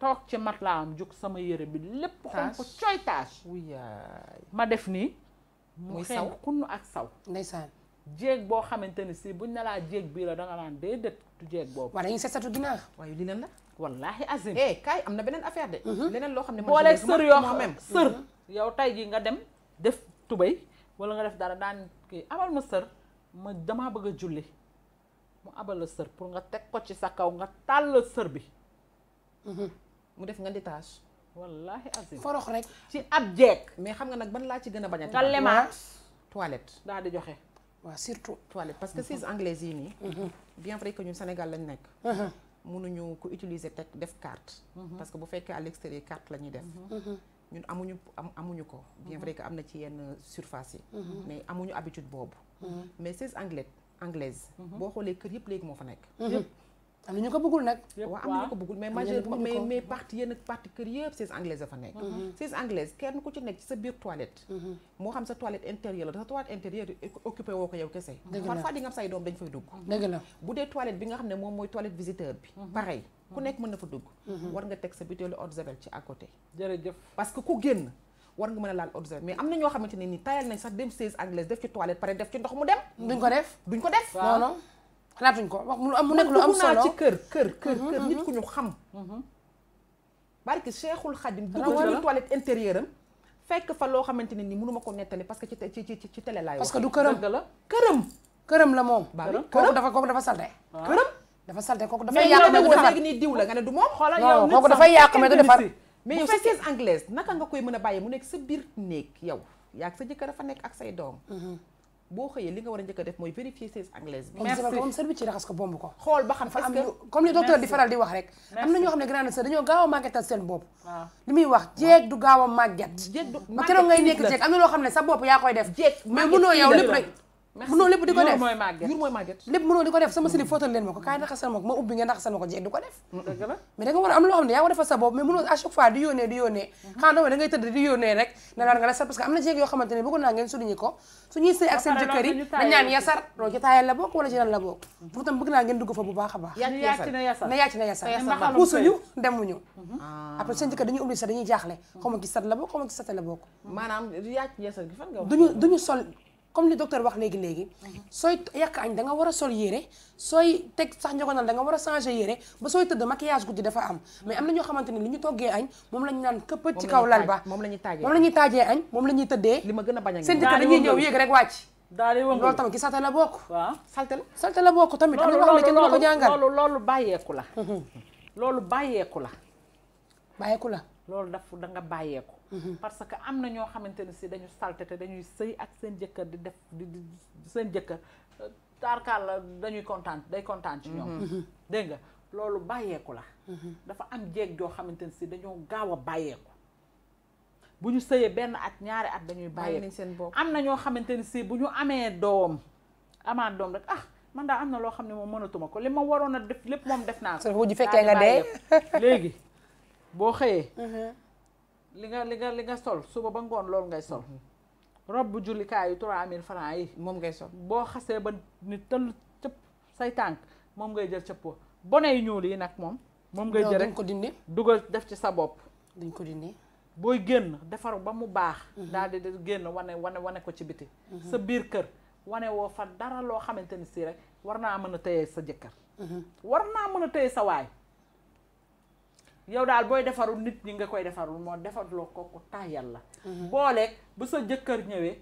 toog ci matelas am jug sama yére bi lépp. xonk ko coy ma def nii. muy saw mu xëy ak saw. ndeysaan. jéeg boo xamante ni si buñ ne laa jéeg la danga naan déedéet du jeeg boobu. waaw dañuy sa seetu ginnaaw waaye lii lan la. wallahi azim eh kaay am na beneen affaire de. Mhm. leneen loo xam ne man sër yoo xam même sër. Mhm. yow tey jii nga dem def tubay wala nga def dara daan kii abal ma sër ma damaa bëgg a julli mu abal la sër pour nga teg ko ci sa kaw nga tàll sër bi. Mhm. mu def nga détage. wallahi azim forox rek ci ab jeeg. mais xam nga nag ban laa ci gën a bañ a. nga lemaat toilette daal di joxe. waa surtout toilette parce que ces anglais yi nii. bien vrai que ñun Sénégal lañ nekk. mënuñu ko utiliser teg def carte. Mhm. parce que bu fekkee à l'extérieur carte lañuy def. Mhm. Mhm. ñun amuñu am amuñu ko. bien vrai que am na ci yenn surface yi. mais amuñu habitude boobu. mais ces anglais anglaise. boo xoolee kër yëpp léegi moo fa nekk. am na ñu ko bëggul nag. waaw am na ñu ko bëggul mais majeur mais mais parti yenn parti kër yëpp ces anglaises dafa nekk. ces mm-hmm. anglaises kenn ku ci nekk ci sa biir toilette. Mm-hmm. moo am mooy toilette visiteur bi. Mm-hmm. pareil ku nekk mën na fa dugg. war nga teg sa butéelu eau ñoo xamante ne ni tayal nañ sax dem 16 anglaises def ci toilette pare def ci ndox mu dem. duñ ko def duñ ko def non xalaatuñ ko mu nekk lu am solo ci kër kër kër mhm, kër nit mhm. ku ñu xam mhm. barki Cheikhul Khadim dugg ci toilette am fekk fa loo xamante ne ni mënuma ko nettali parce que ci ci ci télé laay wax parce que du këram la këram këram la moom kooku dafa kooku dafa salte ah. këram dafay yàq mais léegi nii diw la nga ne du moom xoolal yow kooku dafay yàq mais koy mën a bàyyi mu nekk sa biir néeg yow yaa sa jëkkër a fa nekk ak say doom boo xëyee li nga war a njëkk a def mooy vérifier ses anglaise bi merci comme ci raxas ko bomb ko xool ba xam comme li docteur di faral di wax rek am na ñoo xam ne grande sœur dañoo gaaw a màggetal seen bopp li muy wax jeeg du gaaw a màgget ba keroog ngay nekk jeeg am na loo xam ne sa bopp yaa koy def mais munoo yow lépp rek mënoo lépp di ko def yuur mooy màgget lépp mënoo di ko def sama ma ubbi nga naxasal ma ko jeeg di ko def mais da war am loo xam yaa ko defal sa bopp mais mënoo à chaque fois di yónnee di mm-hmm. di yónnee rek na naan nga la sar ne bëggoon naa ngeen souligner ko suñuy mm-hmm. après seen jëkkër jaaxle xaw ma ci sat la bokk xaw ma ci sat sol comme li docteur wax léegi léegi. sooy yàq añ da nga war a sol yére sooy teg sax njogonal da nga war a changer yére ba sooy tëdd maquillage guddi dafa am. mais am na ñoo xamante ni li ñu toggee añ moom la naan këppat ci kaw lal ba moom la ñuy taajee moom la ñuy taajee añ moom la ñuy tëddee. li ma gën a bañ a seen dëkk dañuy ñëw yéeg rek wàcc. daal di wëngu loolu tamit ki salte la bokk. waaw salte la salte la bokk tamit. am wax ne kenn loolu bàyyeeku la. <laughs> loolu bàyyeeku la. bàyyeeku la. loolu daf da nga bàyyeeku parce que am na ñoo xamante ne si dañu salte te dañuy sëy ak seen jëkkër di def di seen jëkkër euh, tarkaal la dañuy kontaan day kontaan ci ñoom mm-hmm. dégg nga loolu bàyyeeku la mm-hmm. dafa am jéeg joo xamante ne si dañoo gaaw a bàyyeeku bu ñu sëyee benn at ñaari at dañuy bàyyeeku seen bopp am na ñoo xamante ne si bu ñu amee doom amaat doom rek ah man daa am na loo xam ne moom mënatuma ko li ma waroon a def lépp moom def naa ko su fekkee nga dee léegi boo xëyee mm-hmm. li nga li nga li nga sol suba ba ngoon loolu ngay sol mhm. rob bu jullikaay yu trois mille francs yi moom ngay sol boo xasee ba nit tëll cëpp say tànk moom ngay jël cëpp bone yu ñuul yi nag moom moom ngay jël rek ko dindi dugal def ci sa bopp dañ ko dindi booy génn defaru ba mu baax mhm. dal di génn wane wane wane ko ci biti mhm. sa biir kër wane woo fan dara loo xamante ni si rek war naa mën a téye sa jëkkër war naa mën a téye sa waay yow daal booy defaru nit ñi nga koy defarul moo defarloo ko ku tàyyal la mhm. booleeg bu sa jëkkër ñëwee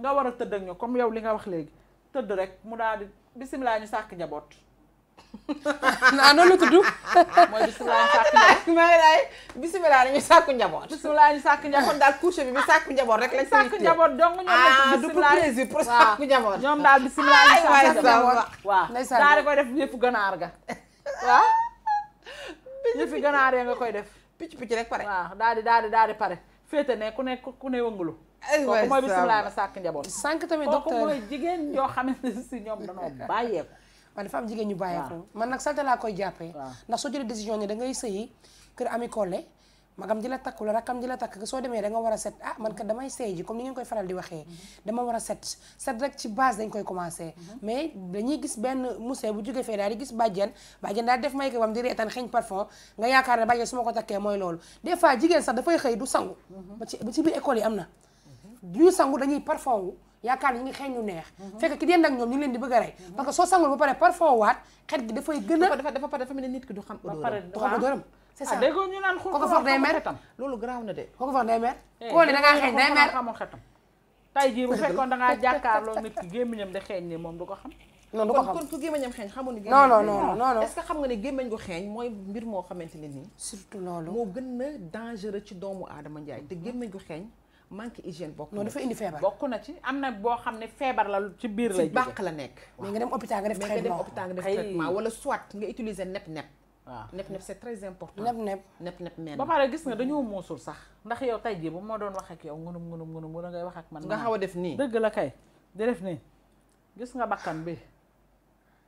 nga war a tëdd ak ñoom comme yow li nga wax léegi tëdd rek mu daal di bisimilah ñu sàkk njaboot naa <laughs> ah, noonu la tudd <laughs> mooy bisimilah ñu sàkk njaboot <laughs> maa ngi lay bisimilah ñu sàkk njaboot daal couche bi bi sàkk njaboot rek lañ sàkk njaboot donc ñoom ah du pour plaisir sàkk njaboot ñoom daal bisimilah koy def yëpp ganaar ga waaw yëfi ganaar ya nga koy def. picc picc rek pare. waaw daal di daal di daal di pare féete ne ku ne ku ne wëngulu. kooku mooy bisimilah ma sàkk njaboot. sànq tamit docteur kooku mooy jigéen yoo xam ne si ñoom danoo <laughs> bàyyeeku. man dafa am jigéen ñu bàyyeeku. man nag salte laa koy jàppee. ndax soo jëlee décision ne da ngay sëyi kër ami Collé magam ji la takk wala rakam ji la takk soo demee da nga war a set ah man kat damay seey comme ni ngeen koy faral di waxee mhm. dama war a set set rek ci base dañ koy commencé mhm. mais dañuy gis benn musée bu jógee fee daal di gis bàjjen bàjjen daal def may ko wam di reetaan xeeñ parfum nga ne bàjjen su ma ko takkee mooy loolu des fois jigéen sax dafay xëy du sangu mhm. ba ci biir école yi am na ñuy sangu dañuy parfum wu yaakaar ñi xeeñ ñu neex fekk ki deen ak ñoom ñu leen di bëgg a rey parce que soo sangul ba pare a dafa dafa dafa mel ne nit ki du xam odooram c'est ah, ça dégg ñu naan kooku foog day mer loolu garaaw na de kooku foog day mer eh, koo ne da ngaa xeeñ day mer xamul xetam <laughs> xeeñ ne moom du ko xam non du ko xam kon ku gémmiñam xeeñ xamoon ne non non xam nga ne gémmiñ gu xeeñ mooy mbir moo xamante ne nii surtout loolu moo gën a dangereux ci doomu aadama njaay mm-hmm. te gémmiñ gu xeeñ manque hygiène bokk non dafa indi feebar bokk na ci am na boo xam ne feebar la ci biir lay jóge bàq la nekk mais nga dem hôpital nga def traitement wala soit nga utiliser nepp nepp waaw ah. nepp nepp c'est très important. nepp nepp nepp nepp mel ba pare gis nga dañoo moosul sax ndax yow tey jii bu ma doon wax ak yow ngunum ngunum ngunum wala ngay wax ak man. nga xaw a def nii dëgg la kay. di def nii gis nga bakkan bi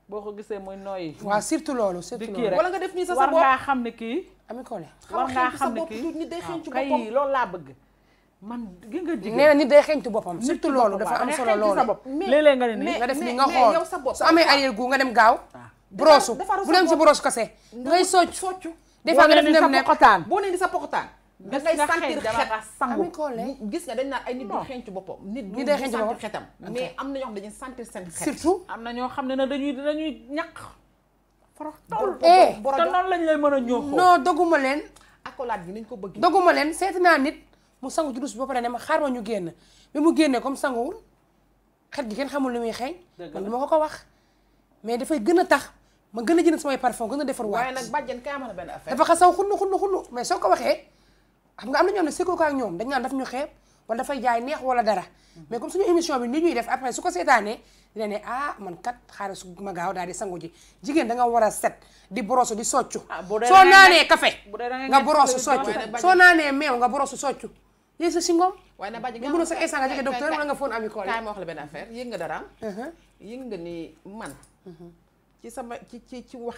boo ko gisee muy nooyi. waaw surtout loolu surtout loolu wala nga def nii sa sa bopp war ngaa xam ne kii. ami kole war ngaa xam ne kii ah, kay loolu laa bëgg. man gi nga jigéen nee nit day xeeñtu boppam surtout loolu dafa am solo loolu léeg-léeg nga ne nii def nii nga xool su amee arrière goût nga dem gaaw ah. brosse bu dem ci brosse kase ngay socc socc des fois nga def dem ne xotaan boo nee sa poxotaan da ngay sentir xet gis nga dañ naan ay nit du xenc boppam nit du sentir xetam mais am na ñoo xam dañuy sentir seen xet surtout am ñoo xam ne na dañuy dañuy ñaq farax tawul te noonu lañ lay mën a ñooxoo non doguma leen accolade gi nañ ko bëgg doguma leen seeti naa nit mu sangu ci dus bi pare ne ma xaar ma ñu génn bi mu génnee comme sanguwul xet gi kenn xamul lu muy xeeñ man dama ko ko wax mais dafay gën a tax ma gën a jënd samay parfum gën a defar waat dafa xasaw xunnu xunnu xunnu mais soo ko waxee xam nga am na ñoo ne sekkoo ko ñoom dañ naan daf ñu xeeb wala dafay jaay neex wala dara mhm. mais comme suñu émission bi ni ñuy def après su ko seetaanee dina ne ah man kat xaaral su ma gaaw daal di sangu ji jigéen da nga war a set di borosu di soccu ah, soo naanee café nga borosu soccu soo naanee meew nga borosu soccu yéeg sa si ngoom waaye na bàjj nga mënul sa instant nga jege docteur wala nga foon am i kool ma wax la benn affaire yëg nga dara uh-huh. yëg nga ni man uh-huh. ci sama ci ci ci wax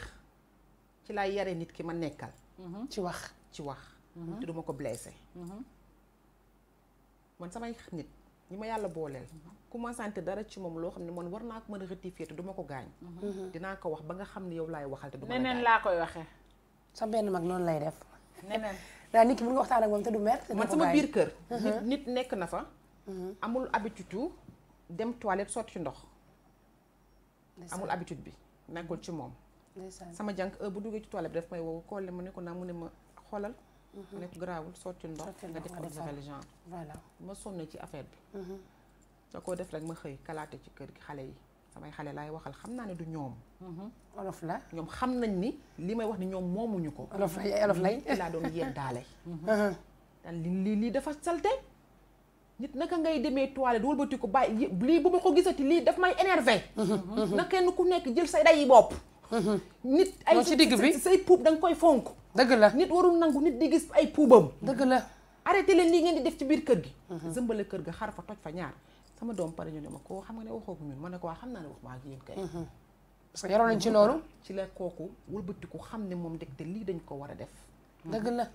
ci laay yare nit ki ma nekkal mm-hmm. ci wax ci wax mm-hmm. duma ko blessé mm-hmm. man samay nit ñi ma yàlla booleel ku ma dara ci moom loo xam ne man war naa ko mën a rectifier te ma ko gaañ dinaa ko wax ba nga xam ne yow lay waxal te du la neneen laa ko waxee sa benn mag noonu lay def neneen <laughs> daal nit ki bu nga waxtaan ak moom te du mer man sama biir kër nit nekk na fa amul habitude dem toilette sotti ndox amul habitude bi nekkul ci moom sama jànk heure bu duggee ci toilette bi daf may woowu kolle ma ne ko naa mu ne ma xoolal mhm. ma ne ko garaawul sotti ndox nga def ak javel genre voilà ma sonn ci affaire bi mhm. da koo def rek ma xëy kalaate ci kër gi xale yi samay xale laay waxal xam naa ne du ñoom mhm. olof la ñoom xam nañ ni li may wax ni ñoom moomuñu ko olof lay olof lay laa doon yeddaale dan <laughs> uh-huh. li li lii dafa salte nit naka ngay demee toilette wëlbati ko bàyyi lii bu ma ko gisati lii daf may énervé. Mhm. na kenn ku nekk jël sa dayi bopp. Mhm. nit ay ci digg bi say puub danga koy fonk. dëgg la nit warul nangu nit di gis ay puubam. dëgg la arrêté leen lii ngeen di def ci biir kër gi. Mhm. zëmbale kër ga xar fa toj fa ñaar sama doom pare ñu ne ma koo xam nga ne waxoo ko ñun ma ne ko waa xam naa ne wax ma ak yéen kay. parce yaroon ci loolu. ci la kooku wëlbati ko xam ne moom dëgg te lii dañ ko war a def. dëgg la.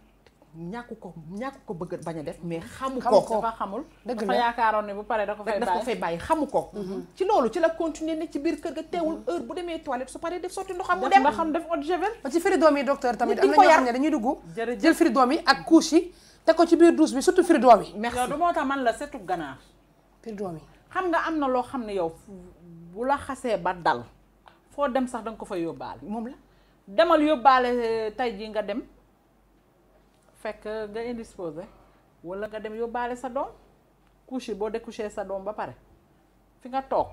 ñàkk ko ñàkk ko bëgg bañ a def mais mm-hmm. xamu ko dafa xamul dafa yaakaaroon ne bu paree da ko fay bàyyi da ko fay bàyyi xamu ko mm-hmm. ci loolu ci la continuer ne ci biir kër ga teewul mm-hmm. heure bu demee toilette su paree def sotti ndoxam mu dem ndoxam def eau de javel ba na ñoo xam ne dañuy dugg jël firi doom yi ak couche yi te ko ci biir douche bi surtout firi doom yi merci loolu moo tax man la setu ganaar firi yi xam nga am na loo xam ne yow bu la xasee ba dal foo dem sax da nga ko fa yóbbaale moom la demal yóbbaale euh, tey jii nga dem fekk nga indisposé wala nga dem yóbbaale sa doom couche boo découché sa doom ba pare fi nga toog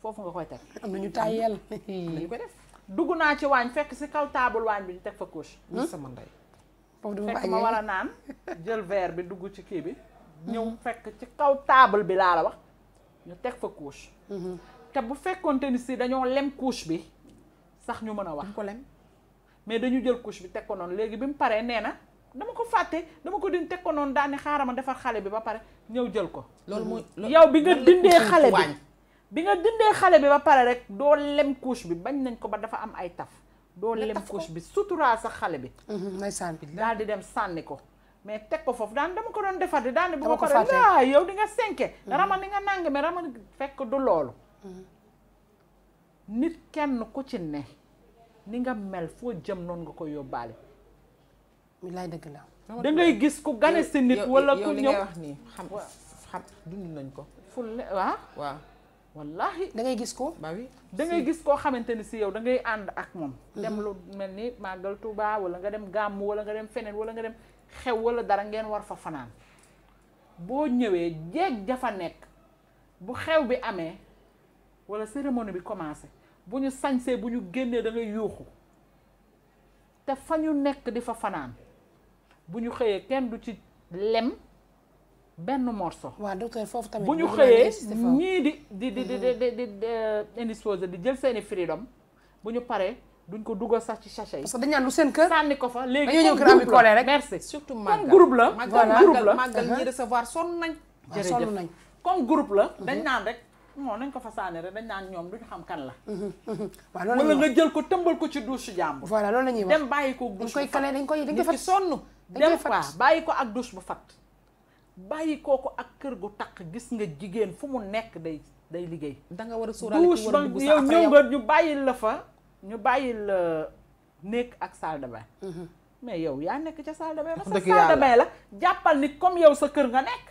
foofu nga koy teg. am na ñu tàyyeel dañu <laughs> koy def dugg naa ci waañ fekk si kaw taabul waañ bi ñu teg fa couche. sama ndey. fekk ma war a naan jël ver bi dugg ci kii bi. ñëw fekk ci kaw taabul bi laa la wax ñu teg fa couche. te bu fekkoonte ni si dañoo lem couche bi sax ñu mën a wax. ko lem mais dañu jël couche bi teg ko noonu léegi bi mu paree nee na. dama ko fàtte dama ko dindi teg ko noonu daane xaaral ma defar xale bi ba pare ñëw jël ko. loolu mooy yow bi nga dindee xale bi nga dindee xale bi ba pare rek doo lem couche bi bañ nañ ko ba dafa am ay taf. doo lem couche bi suturaa sax xale bi. Mhm, ndeysaan bi daal di dem sànni ko. mais teg ko foofu daan dama ko doon defar di daan bu ma ko laa yow di nga senke mhm. rama ni nga nàng mais rama fekk du loolu mhm. nit kenn ku ci ne ni nga mel foo jëm noonu nga ko yóbbaale laay dëgg la da ngay gis ko gane si nit wala ku ñëw wax nii xam xam dund nañ ko fulle waa waaw wallahi da ngay gis ko ba wi gis koo xamante ni si yow da ngay ànd ak moom mm-hmm. dem lu mel ni màggal Tuuba wala nga dem gàmm wala nga dem feneen wala nga dem xew wala dara ngeen war fa fanaan boo ñëwee jeeg jafa nekk bu xew bi amee wala cérémonie bi commencé bu ñu sañsee bu ñu génnee dangay yuuxu te fa ñu nekk di fa fanaan bu ñu xëyee kenn du ci lem benn morceau. waaw docteur foofu tamit bu ñu xëyee ñii di di di di di hmm. di euh, indisposé di jël seeni freedom bu ñu paree duñ ko dugal sax ci sachet yi. parce que dañu naan lu seen kër. sànni ko fa léegi comme groupe la rek merci. surtout màggal comme groupe la. voilà màggal ñi uh-huh. recevoir sonn nañ. jërëjëf sonn nañ comme groupe la. dañ uh-huh. naan rek. non nañ ko fa fasaane rek dañ naan ñoom duñu xam kan la. Mhm, mhm. waaw loolu wala nga jël ko tëmbal ko ci douche jàmbur. voilà loolu la ñuy wax dem bàyyi ko douche bu fat dañ koy dañ koy fat nit bàyyi ko ak douche bu fat bàyyi koo ko ak kër gu takk gis nga jigéen fu mu nekk day day liggéey. danga war a sóoraale ki war a dugg yow ñëw nga ñu bàyyil la fa ñu bàyyil la nekk ak salle de mhm. mais yow yaa nekk ca salle de bain. ba sa salle de la jàppal ni comme yow sa kër nga nekk.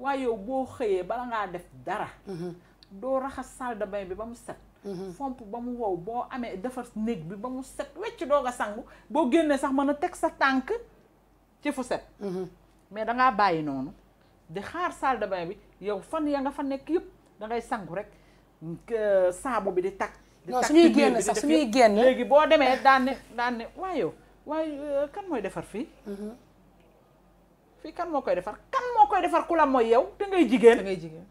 waaye yow boo xëyee bala ngaa def dara. Mhm. doo raxas salle de bi ba mu set. Mhm. fomp ba mu wow boo amee defar néeg bi ba mu set wecc doog a sangu boo génnee sax mën a teg sa tànk ci fu set. Mhm. mais da ngaa bàyyi noonu di xaar salle de bi yow fan ya nga fa nekk yëpp da ngay sangu rek saabu bi di takk. di takk suñuy génn sax suñuy génn léegi boo demee daan ne daan ne waaye waaye euh, kan mooy defar fii. fii kan moo koy defar kan moo koy defar ku la mooy yow da ngay jigéen da nga yërëm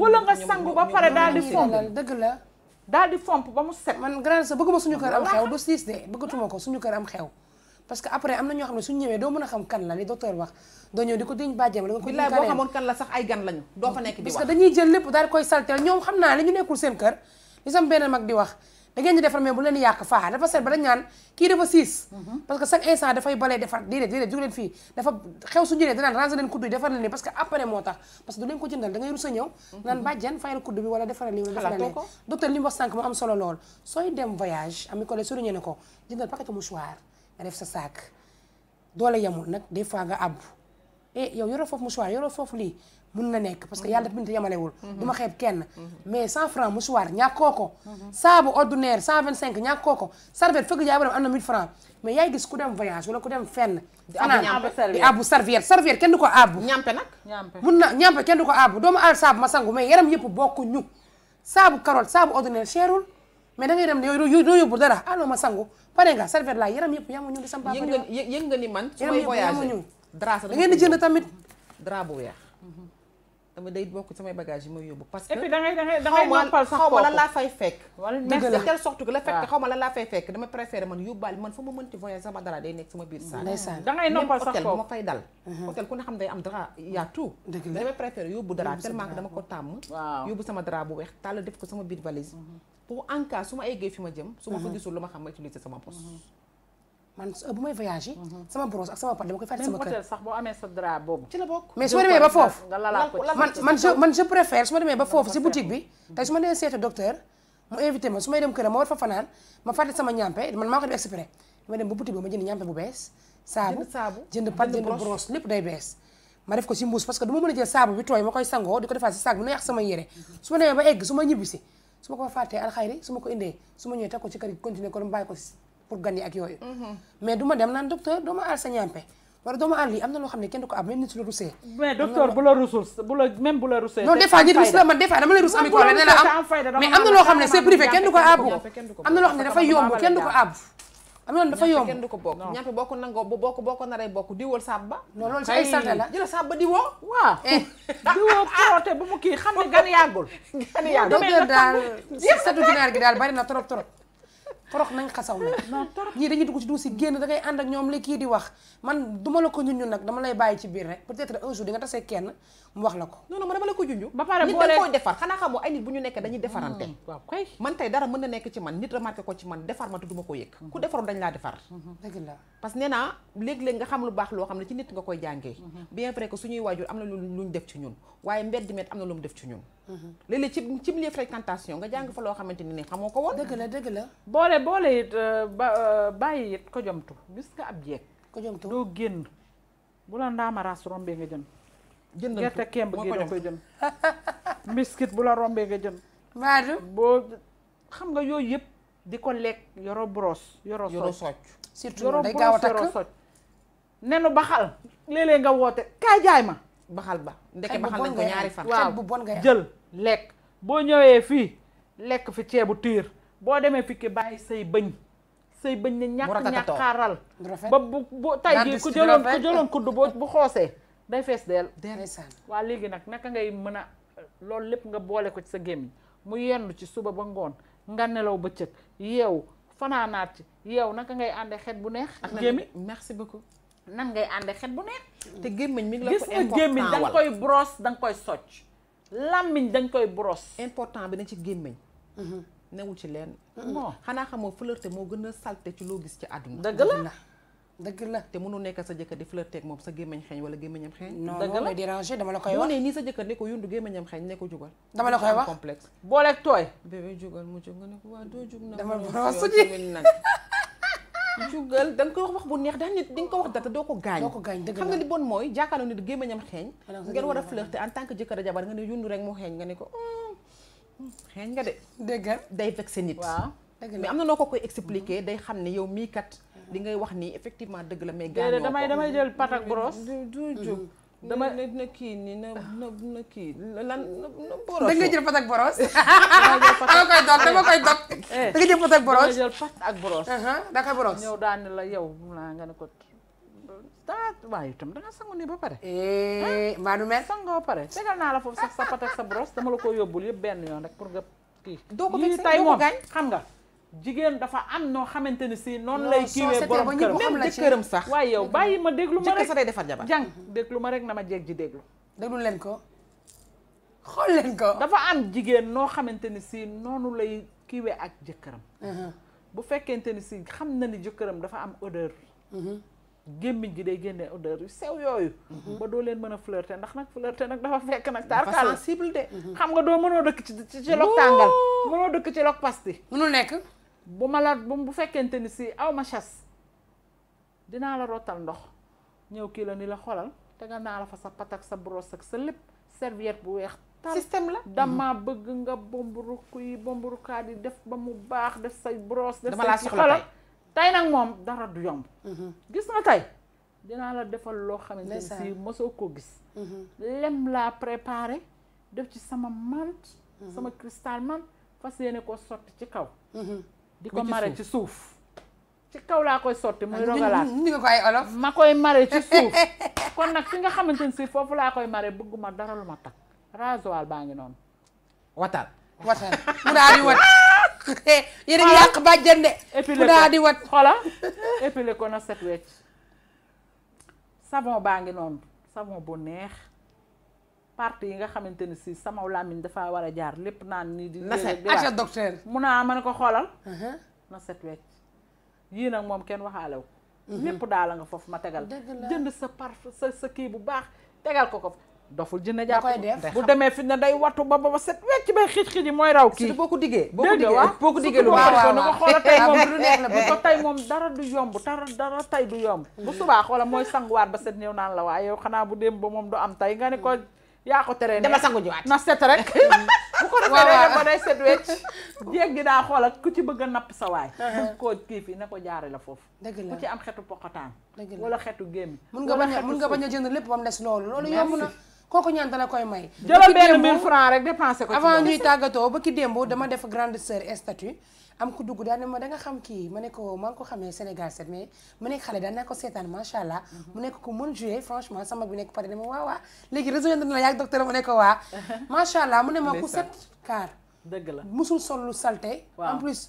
wala nga sangu ba pare daal di fomp dëgg la daal di fomp ba mu set man grand sa bëgguma suñu kër am xew ko suñu kër am xew parce que après am na ñoo xam ne suñu ñëwee doo mën a xam kan la li docteur wax doo ñëw di ko déñ bàjjeem la bilaay boo xamoon ay gan lañu doo fa nekk di wax parce que dañuy jël lépp daal koy saltel ñoom xam naa li ñu nekkul seen kër li sam benn mag di wax da ngeen di defar mais bu leen yàq faa dafa seet ba dañ kii dafa siis mhm. parce que chaque instant dafay balee defar déedéet déedéet jóg leen fii dafa xew su jëndal da ngay a ñëw mhm. naan bàjjen fayal kuddu bi wala defaral nii wala defaral nii docteur li mu wax sànq mu solo lool sooy dem voyage ami collègue souligné ne ko jëndal paquet mouchoir nga def sa sac doole yamul nag des fois nga àbb eh yow yoroo foofu mouchoir yoroo foofu lii mun na nekk parce que mm-hmm. yàlla dafa bind te yemalewul mm-hmm. du ma xeeb kenn mm-hmm. mais cent franc mouchoir ñàkkoo ko saabu ordinaire cent vingt cinq ñàkkoo ko serviette fëgg jaay ba dem am na mille kenn du ko abbu ñampe nag mun na ñampe kenn du ko abbu doomu al saabu ma sangu yaram yëpp bokku ñu saabu carotte saabu ordinaire cherul mais da ngay dem yooyu doo yóbbu dara ah non ma sangu pare nga serviette yaram yëpp yamuñu di sam papa yëg nga ni man su may voyage dara da ngeen di jënd tamit dara bu dama day bokk samay bagages yi may yóbbu. parce que et lan laa fay fekk. que la fekk ah. xaw ma lan laa fay fekk dama préféré man yóbbaale man fu ma mënti voyage sama dara day nekk sama biir saal. ndeysaan noppal sax foofu ma fay dal. Uh-huh. hôtel ku ne xam day am dara y' a tout. dëgg la dama préféré yóbbu dara tellement que dama ko tàmm. waaw yóbbu sama dara bu weex tàll def ko sama biir valise. Uh-huh. pour en su ma eggee fi ma jëm. su ma ko uh-huh. gisul lu ma xam ma utiliser sama poche. man euh, bu may voyagé. Mhm. sama brosse ak sama pâte dama koy fàtte sama kër. mais su ma demee ba foofu. nga lalaat ko man man je man je préfère su ma demee ba dem këram ma war fa fanaan ma fàtte sama ñampe man maa ko def exprès ma dem ba boutique bi ma jënd day bees. ma def ko que du ma a jël saabu bi tooy ma koy sangoo di ko defaat si saag bi na yàq su ma egg su ñibbisi su ko fàttee alxayri su ma ko indee su ma ñëwee teg ko ci kër continuer ko bàyyi ko pour gan yi ak yooyu mm-hmm. mais du ma dem naan docteur doo ma sa ñàmpe wala doo ma aar lii am na loo xam ne kenn du ko am même nit su la rusee mais docteur bu la rusul bu la même bu ne la am na loo xam ne c'est privé kenn ko àbbu am na loo xam ne dafa yomb kenn du ko àbbu am boo ko nangoo boo ko boo ko naree bokk diwool sàbba non loolu ci ay la jëla sàbba diwoo waaw eh. <laughs> diwoo <laughs> daal bari na trop trop forox nañ xasaw nañ ñii dañuy dugg ci dugg si génn da ngay ànd ak ñoom li kii di wax man duma la ko ñun ñun nag dama lay bàyyi ci biir rek peut-être un jour di kenn mu wax la ko non non ma dama la ko junju ba pare nit dañ koy defar xanaa xamoo ñu nekk dañuy defarante mm. waaw man tey dara mën na nekk ci man nit remarqué ko ci man defar ma te duma ko yëg mm-hmm. ku defaru dañ laa defar mm-hmm. dëgg nee naa léeg-léeg nga xam lu baax loo xam ne ci nit nga koy jàngee mm-hmm. bien vrai que suñuy waajur am na lu luñ léeg-léeg ci ci milieu fréquentation nga jàng fa loo xamante ni xamoo ko woon. dëgg la dëgg la. boole boole it euh, ba euh, bàyyi it ko jomtu bis nga ab jeeg. ko jomtu doo génn bu la ndaama raas rombee nga jën. jëndantu gerte kemb gi jën. <laughs> biscuit bu la rombee nga jën. maanaam boo xam nga yooyu yëpp di ko lekk yoro brosse. yoro socc surtout day gaaw a takk yoro socc nenu baxal léeg nga woote kaa jaay ma. baxal ba ndeke baxal nañ ko ñaari fan. bu bon nga jël. lekk boo ñëwee fii lekk fi ceebu tiir boo demee fikki bàyyi say bëñ say bëñ ne ñàkk ñàkkaaral ba bu bu tay jii ku jëloon ku jëloon kudd boo bu xoosee day fees deel waa léegi nag naka ngay mën a loolu lépp nga boole ko ci sa gémmiñ mu yendu ci suba ba ngoon nga nelaw bëccëg yeew fanaanaat ci naka ngay ànde xet bu neex gémmiñ merci beaucoup nan ngay ànde xet bu neex te gémmiñ mi ngi la ko important gis nga danga koy brosse danga koy socc làmmiñ dañ koy boros. important bi na ci gémmiñ. Mhm. newul ci leen mhm. non xanaa xamoo flirté moo gën a salte ci loo gis ci àdduna. dëgg la dëgg la te mënu nekk sa jëkkër di flirté ak moom sa gémmañ xeeñ wala gémmañam xeeñ dëgg la déranger dama la koy wax mu ne nii sa jëkkër ne ko yundu gémmañam xeeñ ne ko jugal dama la koy wax complexe tooy bébé jugal mu jóg nga ne ko waa doo jug na dama boros ji nag <laughs> jugal da nga koy wax wax bu neex daa nit di nga ko wax data doo ko gaañ xam nga li bon mooy jàkkaarloo nit gémmiñam xeeñ ngeen war a flirter en tant jëkkër a jabar nga ne yund rek mu xeeñ nga ne ko hmm, xeeñ nga de dëgg day vexé nit waaw mais am na noo ko koy expliquer day xam ne yow mii kat li ngay wax nii effectivement dëgg la may gaañoo ko damay damay jël patak brosse du jóg dama ne na kii nii na na kii lan na boros. da nga jël pat ak boros. <laughs> dama koy dog dama koy dog. <laughs> Eh. da nga jël pat ak boros da jël pat ak boros. da koy boros. ñëw daan la yow nga ne ko daa waaye itam da nga sangu nii ba pare. Eh, ah, maa du mel sangoo pare tegal naa la foofu sa sa pat ak sa boros dama la koo yóbbul yëpp benn yoon rek pour nga kii. doo ko fekk doo ko gañ xam nga. jigéen dafa am noo xamante ne si noonu lay kiiwee borom këram même jëkkëram sax waaye yow bàyyi ma ma rek sa day defar jabar mm-hmm. déglu ma rek na ma ji déglu déglu leen ko xool leen dafa am jigéen noo xamante ni si noonu lay kiiwee ak jëkkëram mm-hmm. bu fekkente ni si xam na ni jëkkëram dafa am odeur mm-hmm. gémmiñ gi day génne odeur yu sew yooyu ba doo leen mën a flirter ndax nag flirter nag dafa fekk nag tarkaal sensible de xam nga doo mënoo dëkk ci ci lok tàngal mënoo dëkk ci lok pasti mënul nekk bu ma la bu fekkente ni si aw ma chasse dinaa la rottal ndox ñëw kii la ni la xolal te nga naa la fa sa patak sa brosse ak sa lépp serviette bu weex tal système la dama bëgg nga bomburu kuy bomburukaat yi def ba mu baax def sa brosse def sa xolal tey nag moom dara du yomb mhm. gis nga tey dinaa la defal loo xamante ne si mosoo ko gis mhm. lem laa préparé def ci sama malt mhm. sama cristal malt fas yéene ko sotti ci kaw di ko mare ci suuf ci kaw laa koy sotti muy rogalaat ni nga ma koy mare ci <laughs> suuf kon nag ki nga xamante ni si foofu laa koy mare bëgguma dara lu ma takk rasoir baa ngi noonu watal watal mu daal di wat <laughs> yéen a ngi yàq bàjjen de mu daal wat xola épilé ko na set wecc savon baa ngi noonu savon bu neex parti yi nga xamante ne si sama làmmiñ dafa war a jaar lépp naan nii di aca docteur mun naa ma ne ko xoolal uh-huh. na set wecc yii nag moom kenn waxaalew lépp uh-huh. daala nga foofu ma tegal jënd sa parfum sa sa kii bu baax tegal ko ko doful jënd jàpp bu demee fi ne day wattu ba ba set wecc bay xij xij yi mooy raw kii boo ko diggee boo ko diggee boo ko diggee lu baax na ko xoola tey moom <laughs> lu neex la bu ko tey moom dara du yomb dara tey du yomb bu subaa xoola mooy sanguwaat ba set ñëw naan la waaye xanaa bu dem ba moom du am tey nga ne ko yaa ko teree dama sangu jiwaat na set rek <laughs> <laughs> bu ko defee rek ba day set wecc jéeg gi daa xoolal ku ci bëgg a napp sa waay <laughs> koo kii fii na ko jaare la foofu dëgg la ku ci am xetu poqataan wala xetu gémmi mun nga bañ a mun nga bañ a jënd lépp ba mu des loolu loolu yomb na kooku ñaan dala koy may jëlal benn mille francs rek dépensé ko avant ñuy tàggatoo ba ki démb dama def grande sœur statut am ku dugg daal ne ma da nga xam kii ma ne ko maa ngi ko xamee Sénégal set mais mu nekk xale daan naa ko seetaan macha allah. Mhm. mu nekk ko mën joué franchement sama bi nekk pare ne ma waaw waaw léegi réseau na la yaa ngi mu ne ko waa. <laughs> macha allah mu ne ma ku set kaar. dëgg la musul sol lu salté en plus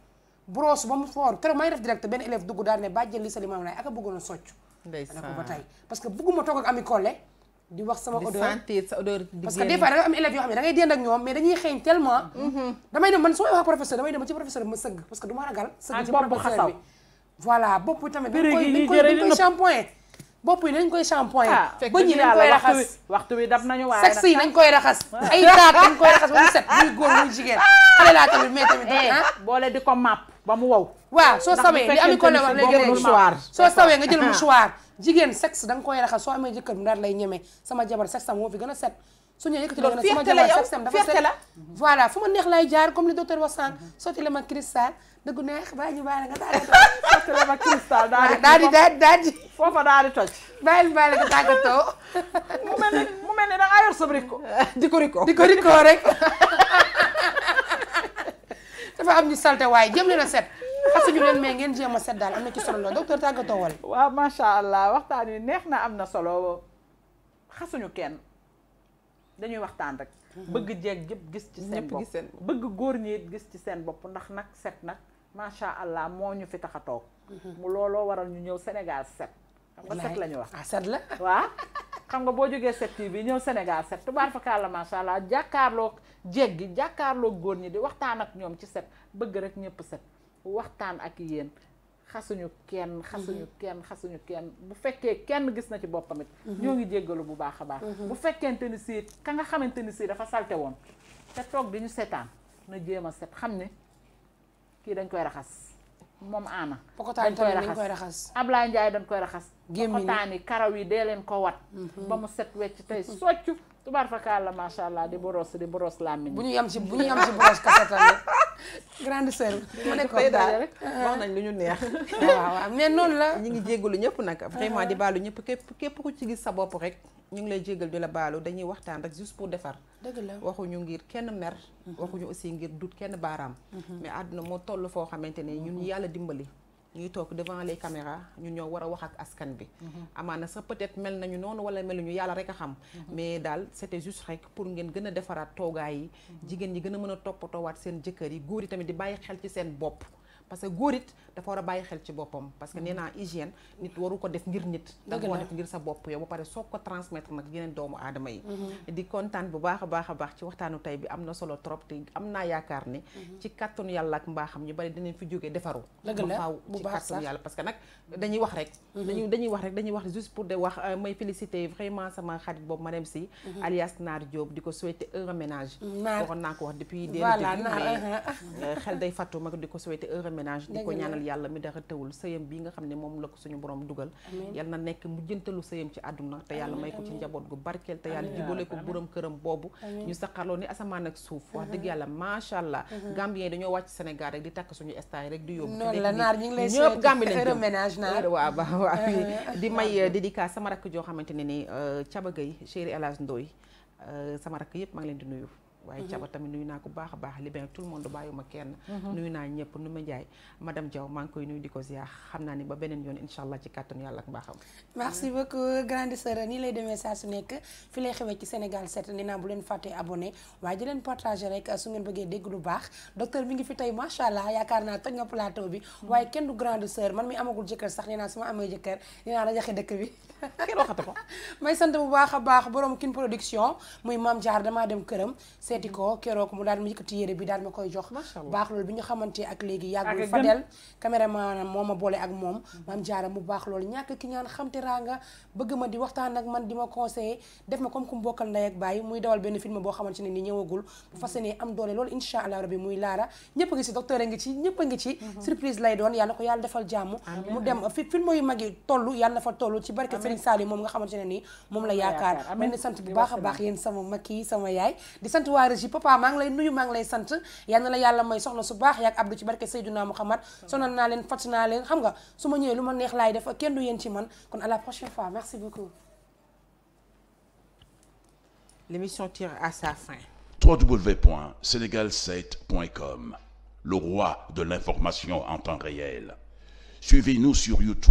brosse ba mu fort keroog may def direct benn élève dugg daal ne bàjjen li sa laay ak a bëggoon a ko ba tey parce que bëgguma toog ak Ami Collé di wax sama odeur parce que des fois am élèves yoo xam ne da dend ak ñoom mais dañuy xeeñ tellement mm-hmm. damay dem man su may wax professeur damay dem ba ci professeur bi ma sëgg parce que du ma ragal sëgg ah, ci professeur bi ah, koy raxas waxtu ah. eh, di ko màpp ba mu wow waaw soo sawee li ami ko la wax soo sawee nga jël <laughs> mouchoir jigéen sexe da nga koy raxas soo amee jëkkër mu daal lay ñemee sama jabar sexe am moo fi gën a set su ñëwee yëkkati loolu sama jabar sexe am dafa set la voilà fu ma neex lay jaar comme le docteur wax sànq ma cristal dëggu neex bàyyi ñu baale nga <laughs> ma cristal daal di daal di di foofa daal di toj bàyyi mu <laughs> mu mel ne da ngaa yor ko rikko di ko rikko rek dafa am ñu salte waaye jëm leen a set xasuñu leen mais ngeen jéem a set daal am na ci solo lool docteur tàggatoo wala. waaw macha allah waxtaan wi neex na am na solo xasuñu kenn dañuy waxtaan rek. bëgg jeeg yëpp gis ci seen bopp bëgg góor ñi gis ci seen bopp ndax nag set nag macha allah moo ñu fi tax a toog. Uhuh. mu looloo waral ñu ñëw Sénégal set. xam nga set la ñu wax ah set la <laughs> waaw xam nga boo jógee set TV bi ñëw Sénégal set tubaar fa kàlla macha allah jàkkaarloog jeeg jàkkaarlook góor ñi di waxtaan ak ñoom ci set bëgg rek ñëpp set waxtaan ak yéen xasuñu kenn xasuñu mhm. kenn xasuñu kenn bu fekkee kenn gis na ci boppam it mhm. ñoo ngi jéggalu bu baax a baax mhm. bu fekkente ni si ka nga xamante ni si dafa salte woon te toog di ñu seetaan na jéem a set xam ne kii dañ koy raxas moom aana. dañ koy raxas dañ koy raxas. Ablaye Ndiaye dañ koy raxas. gémmiñ pokotaani karaw yi dee leen ko wat. Mhm. ba mu set wecc tey soccu. tubaar fakkaar la macha allah di boros di boros làmmiñ. bu ñuy am si bu ñu yam ci boros kasata grande sœur mu nekk comme daal rek euh. nañ lu ñu neex. <laughs> waaw waaw mais noonu la. ñu ngi jéggalu ñëpp nag. Ah. vraiment di baalu ñëpp képp képp ku ci gis sa bopp rek. ñu ngi lay jéggal di la baalo dañuy waxtaan rek juste pour defar. dëgg la waxuñu ngir kenn mer. Mhm. waxuñu aussi ngir dut kenn baaraam. Mhm. mais àdduna moo toll foo xamante ne ñun mhm. yàlla dimbali. ñuy toog devant les caméras ñun ñoo war a wax ak askan bi mhm. amaana sax peut-être mel nañu noonu wala meluñu yàlla rek a xam mhm. mais daal c'était juste rek pour ngeen gën a defaraat toogaay yi mhm. jigéen ñi gën a mën a toppatoowaat seen jëkkër yi góor yi tamit di bàyyi xel ci seen bopp parce que góor it dafa war a bàyyi xel ci boppam parce que nee naa hygiène nit waru ko def ngir nit da def ngir sa bopp yow ba pare soo ko transmettre nag yeneen doomu aadama yi mm-hmm. di kontaan bu baax a baax a baax ci waxtaanu tey bi am na solo trop te am naa yaakaar ne mm-hmm. ci kàttanu yàlla ak mbaaxam ñu bari dinañ fi jógee defaru ba faaw ci kàttanu yàlla parce que nag dañuy wax rek mm-hmm. dañuy dañuy wax rek dañuy wax juste pour de wax euh, may féliciter vraiment sama xarit boobu madame si alias Naar di ko souhaiter heureux ménage waxoon naa ko wax depuis ménage di ko ñaanal yàlla mi dara tëwul sëyam bi nga xam ne moom la ko suñu borom dugal yal na nekk mujjantalu sëyam ci àdduna te yàlla may ko ci njaboot gu barkeel te yàlla jubale ko borom këram boobu ñu saxarloo ni asamaan ak suuf wax dëgg yàlla macha allah gambien dañoo wàcc Sénégal rek di takk suñu stay rek di yóbbu noonu la naar ñi ngi lay ñëpp gambi nañ ménage naar waaw waaw waaw <laughs> di may dédicace sama rakk joo xamante ne ni Caba euh, Gueye chéri El Hadj euh, sama rakk yëpp maa ngi leen di nuyu waaye caba tamit nuyu naa ko baax a baax li tout le monde bàyyuma kenn mm-hmm. nuyu naa ñëpp nu ma njaay madame Diaw maa ngi koy nuyu di ko ziar xam naa ni ba beneen yoon incha allah ci kàttanu yàlla ak mbaaxam merci beaucoup grande sœur nii lay demee saa su nekk fi lay xewee ci Sénégal 7 nee naa bu leen fàttee abonné waaye di leen rek su ngeen bëggee dégg lu baax docteur mi ngi fi tey macha allah yaakaar naa toj nga plateau bi mm-hmm. waaye kenn du grande sœur man mi amagul jëkkër sax nee naa su ma amee jëkkër nee naa rajaxe dëkk bi kenn waxatu ko <laughs> may sant bu baax a baax borom kin production muy seeti ko keroog mu daal ma yëkkati yére bi daal ma koy jox baax loolu bi ñu xamante ak léegi yàggul Fadel caméraman moo ma boole ak moom maam jaara mu baax loolu ñàkk ki ñaan xam teraanga bëgg ma di waxtaan ak man di ma conseiller def ma comme ku mu bokkal ndey ak bàyyi muy dawal benn film boo xamante ne ni ñëwagul bu fas yéenee am doole loolu incha allah rabbi muy laara ñëpp a ngi ci docteur a ngi ci ñëpp ngi ci mm-hmm. surprise lay doon yàlla ko yàlla defal jàmm mu dem fi film yu mag yi toll yàlla na fa toll ci barke Serigne Saliou moom nga xamante ne ni moom la yaakaar mel ni sant bu baax a baax sama mag yi sama yaay di sant waa régie papa maa ngi lay nuyu maa ngi lay sant yal na la yàlla may soxna su baax yaag Abdou ci barke Seydouna Mouhamad mm. sonal naa leen fàtt naa leen xam nga su ma ñëwee lu ma neex laay def kenn du yéen ci man kon à la prochaine fois merci beaucoup l'émission tire à sa fin www.senegal7.com le roi de l'information en temps réel suivez-nous sur YouTube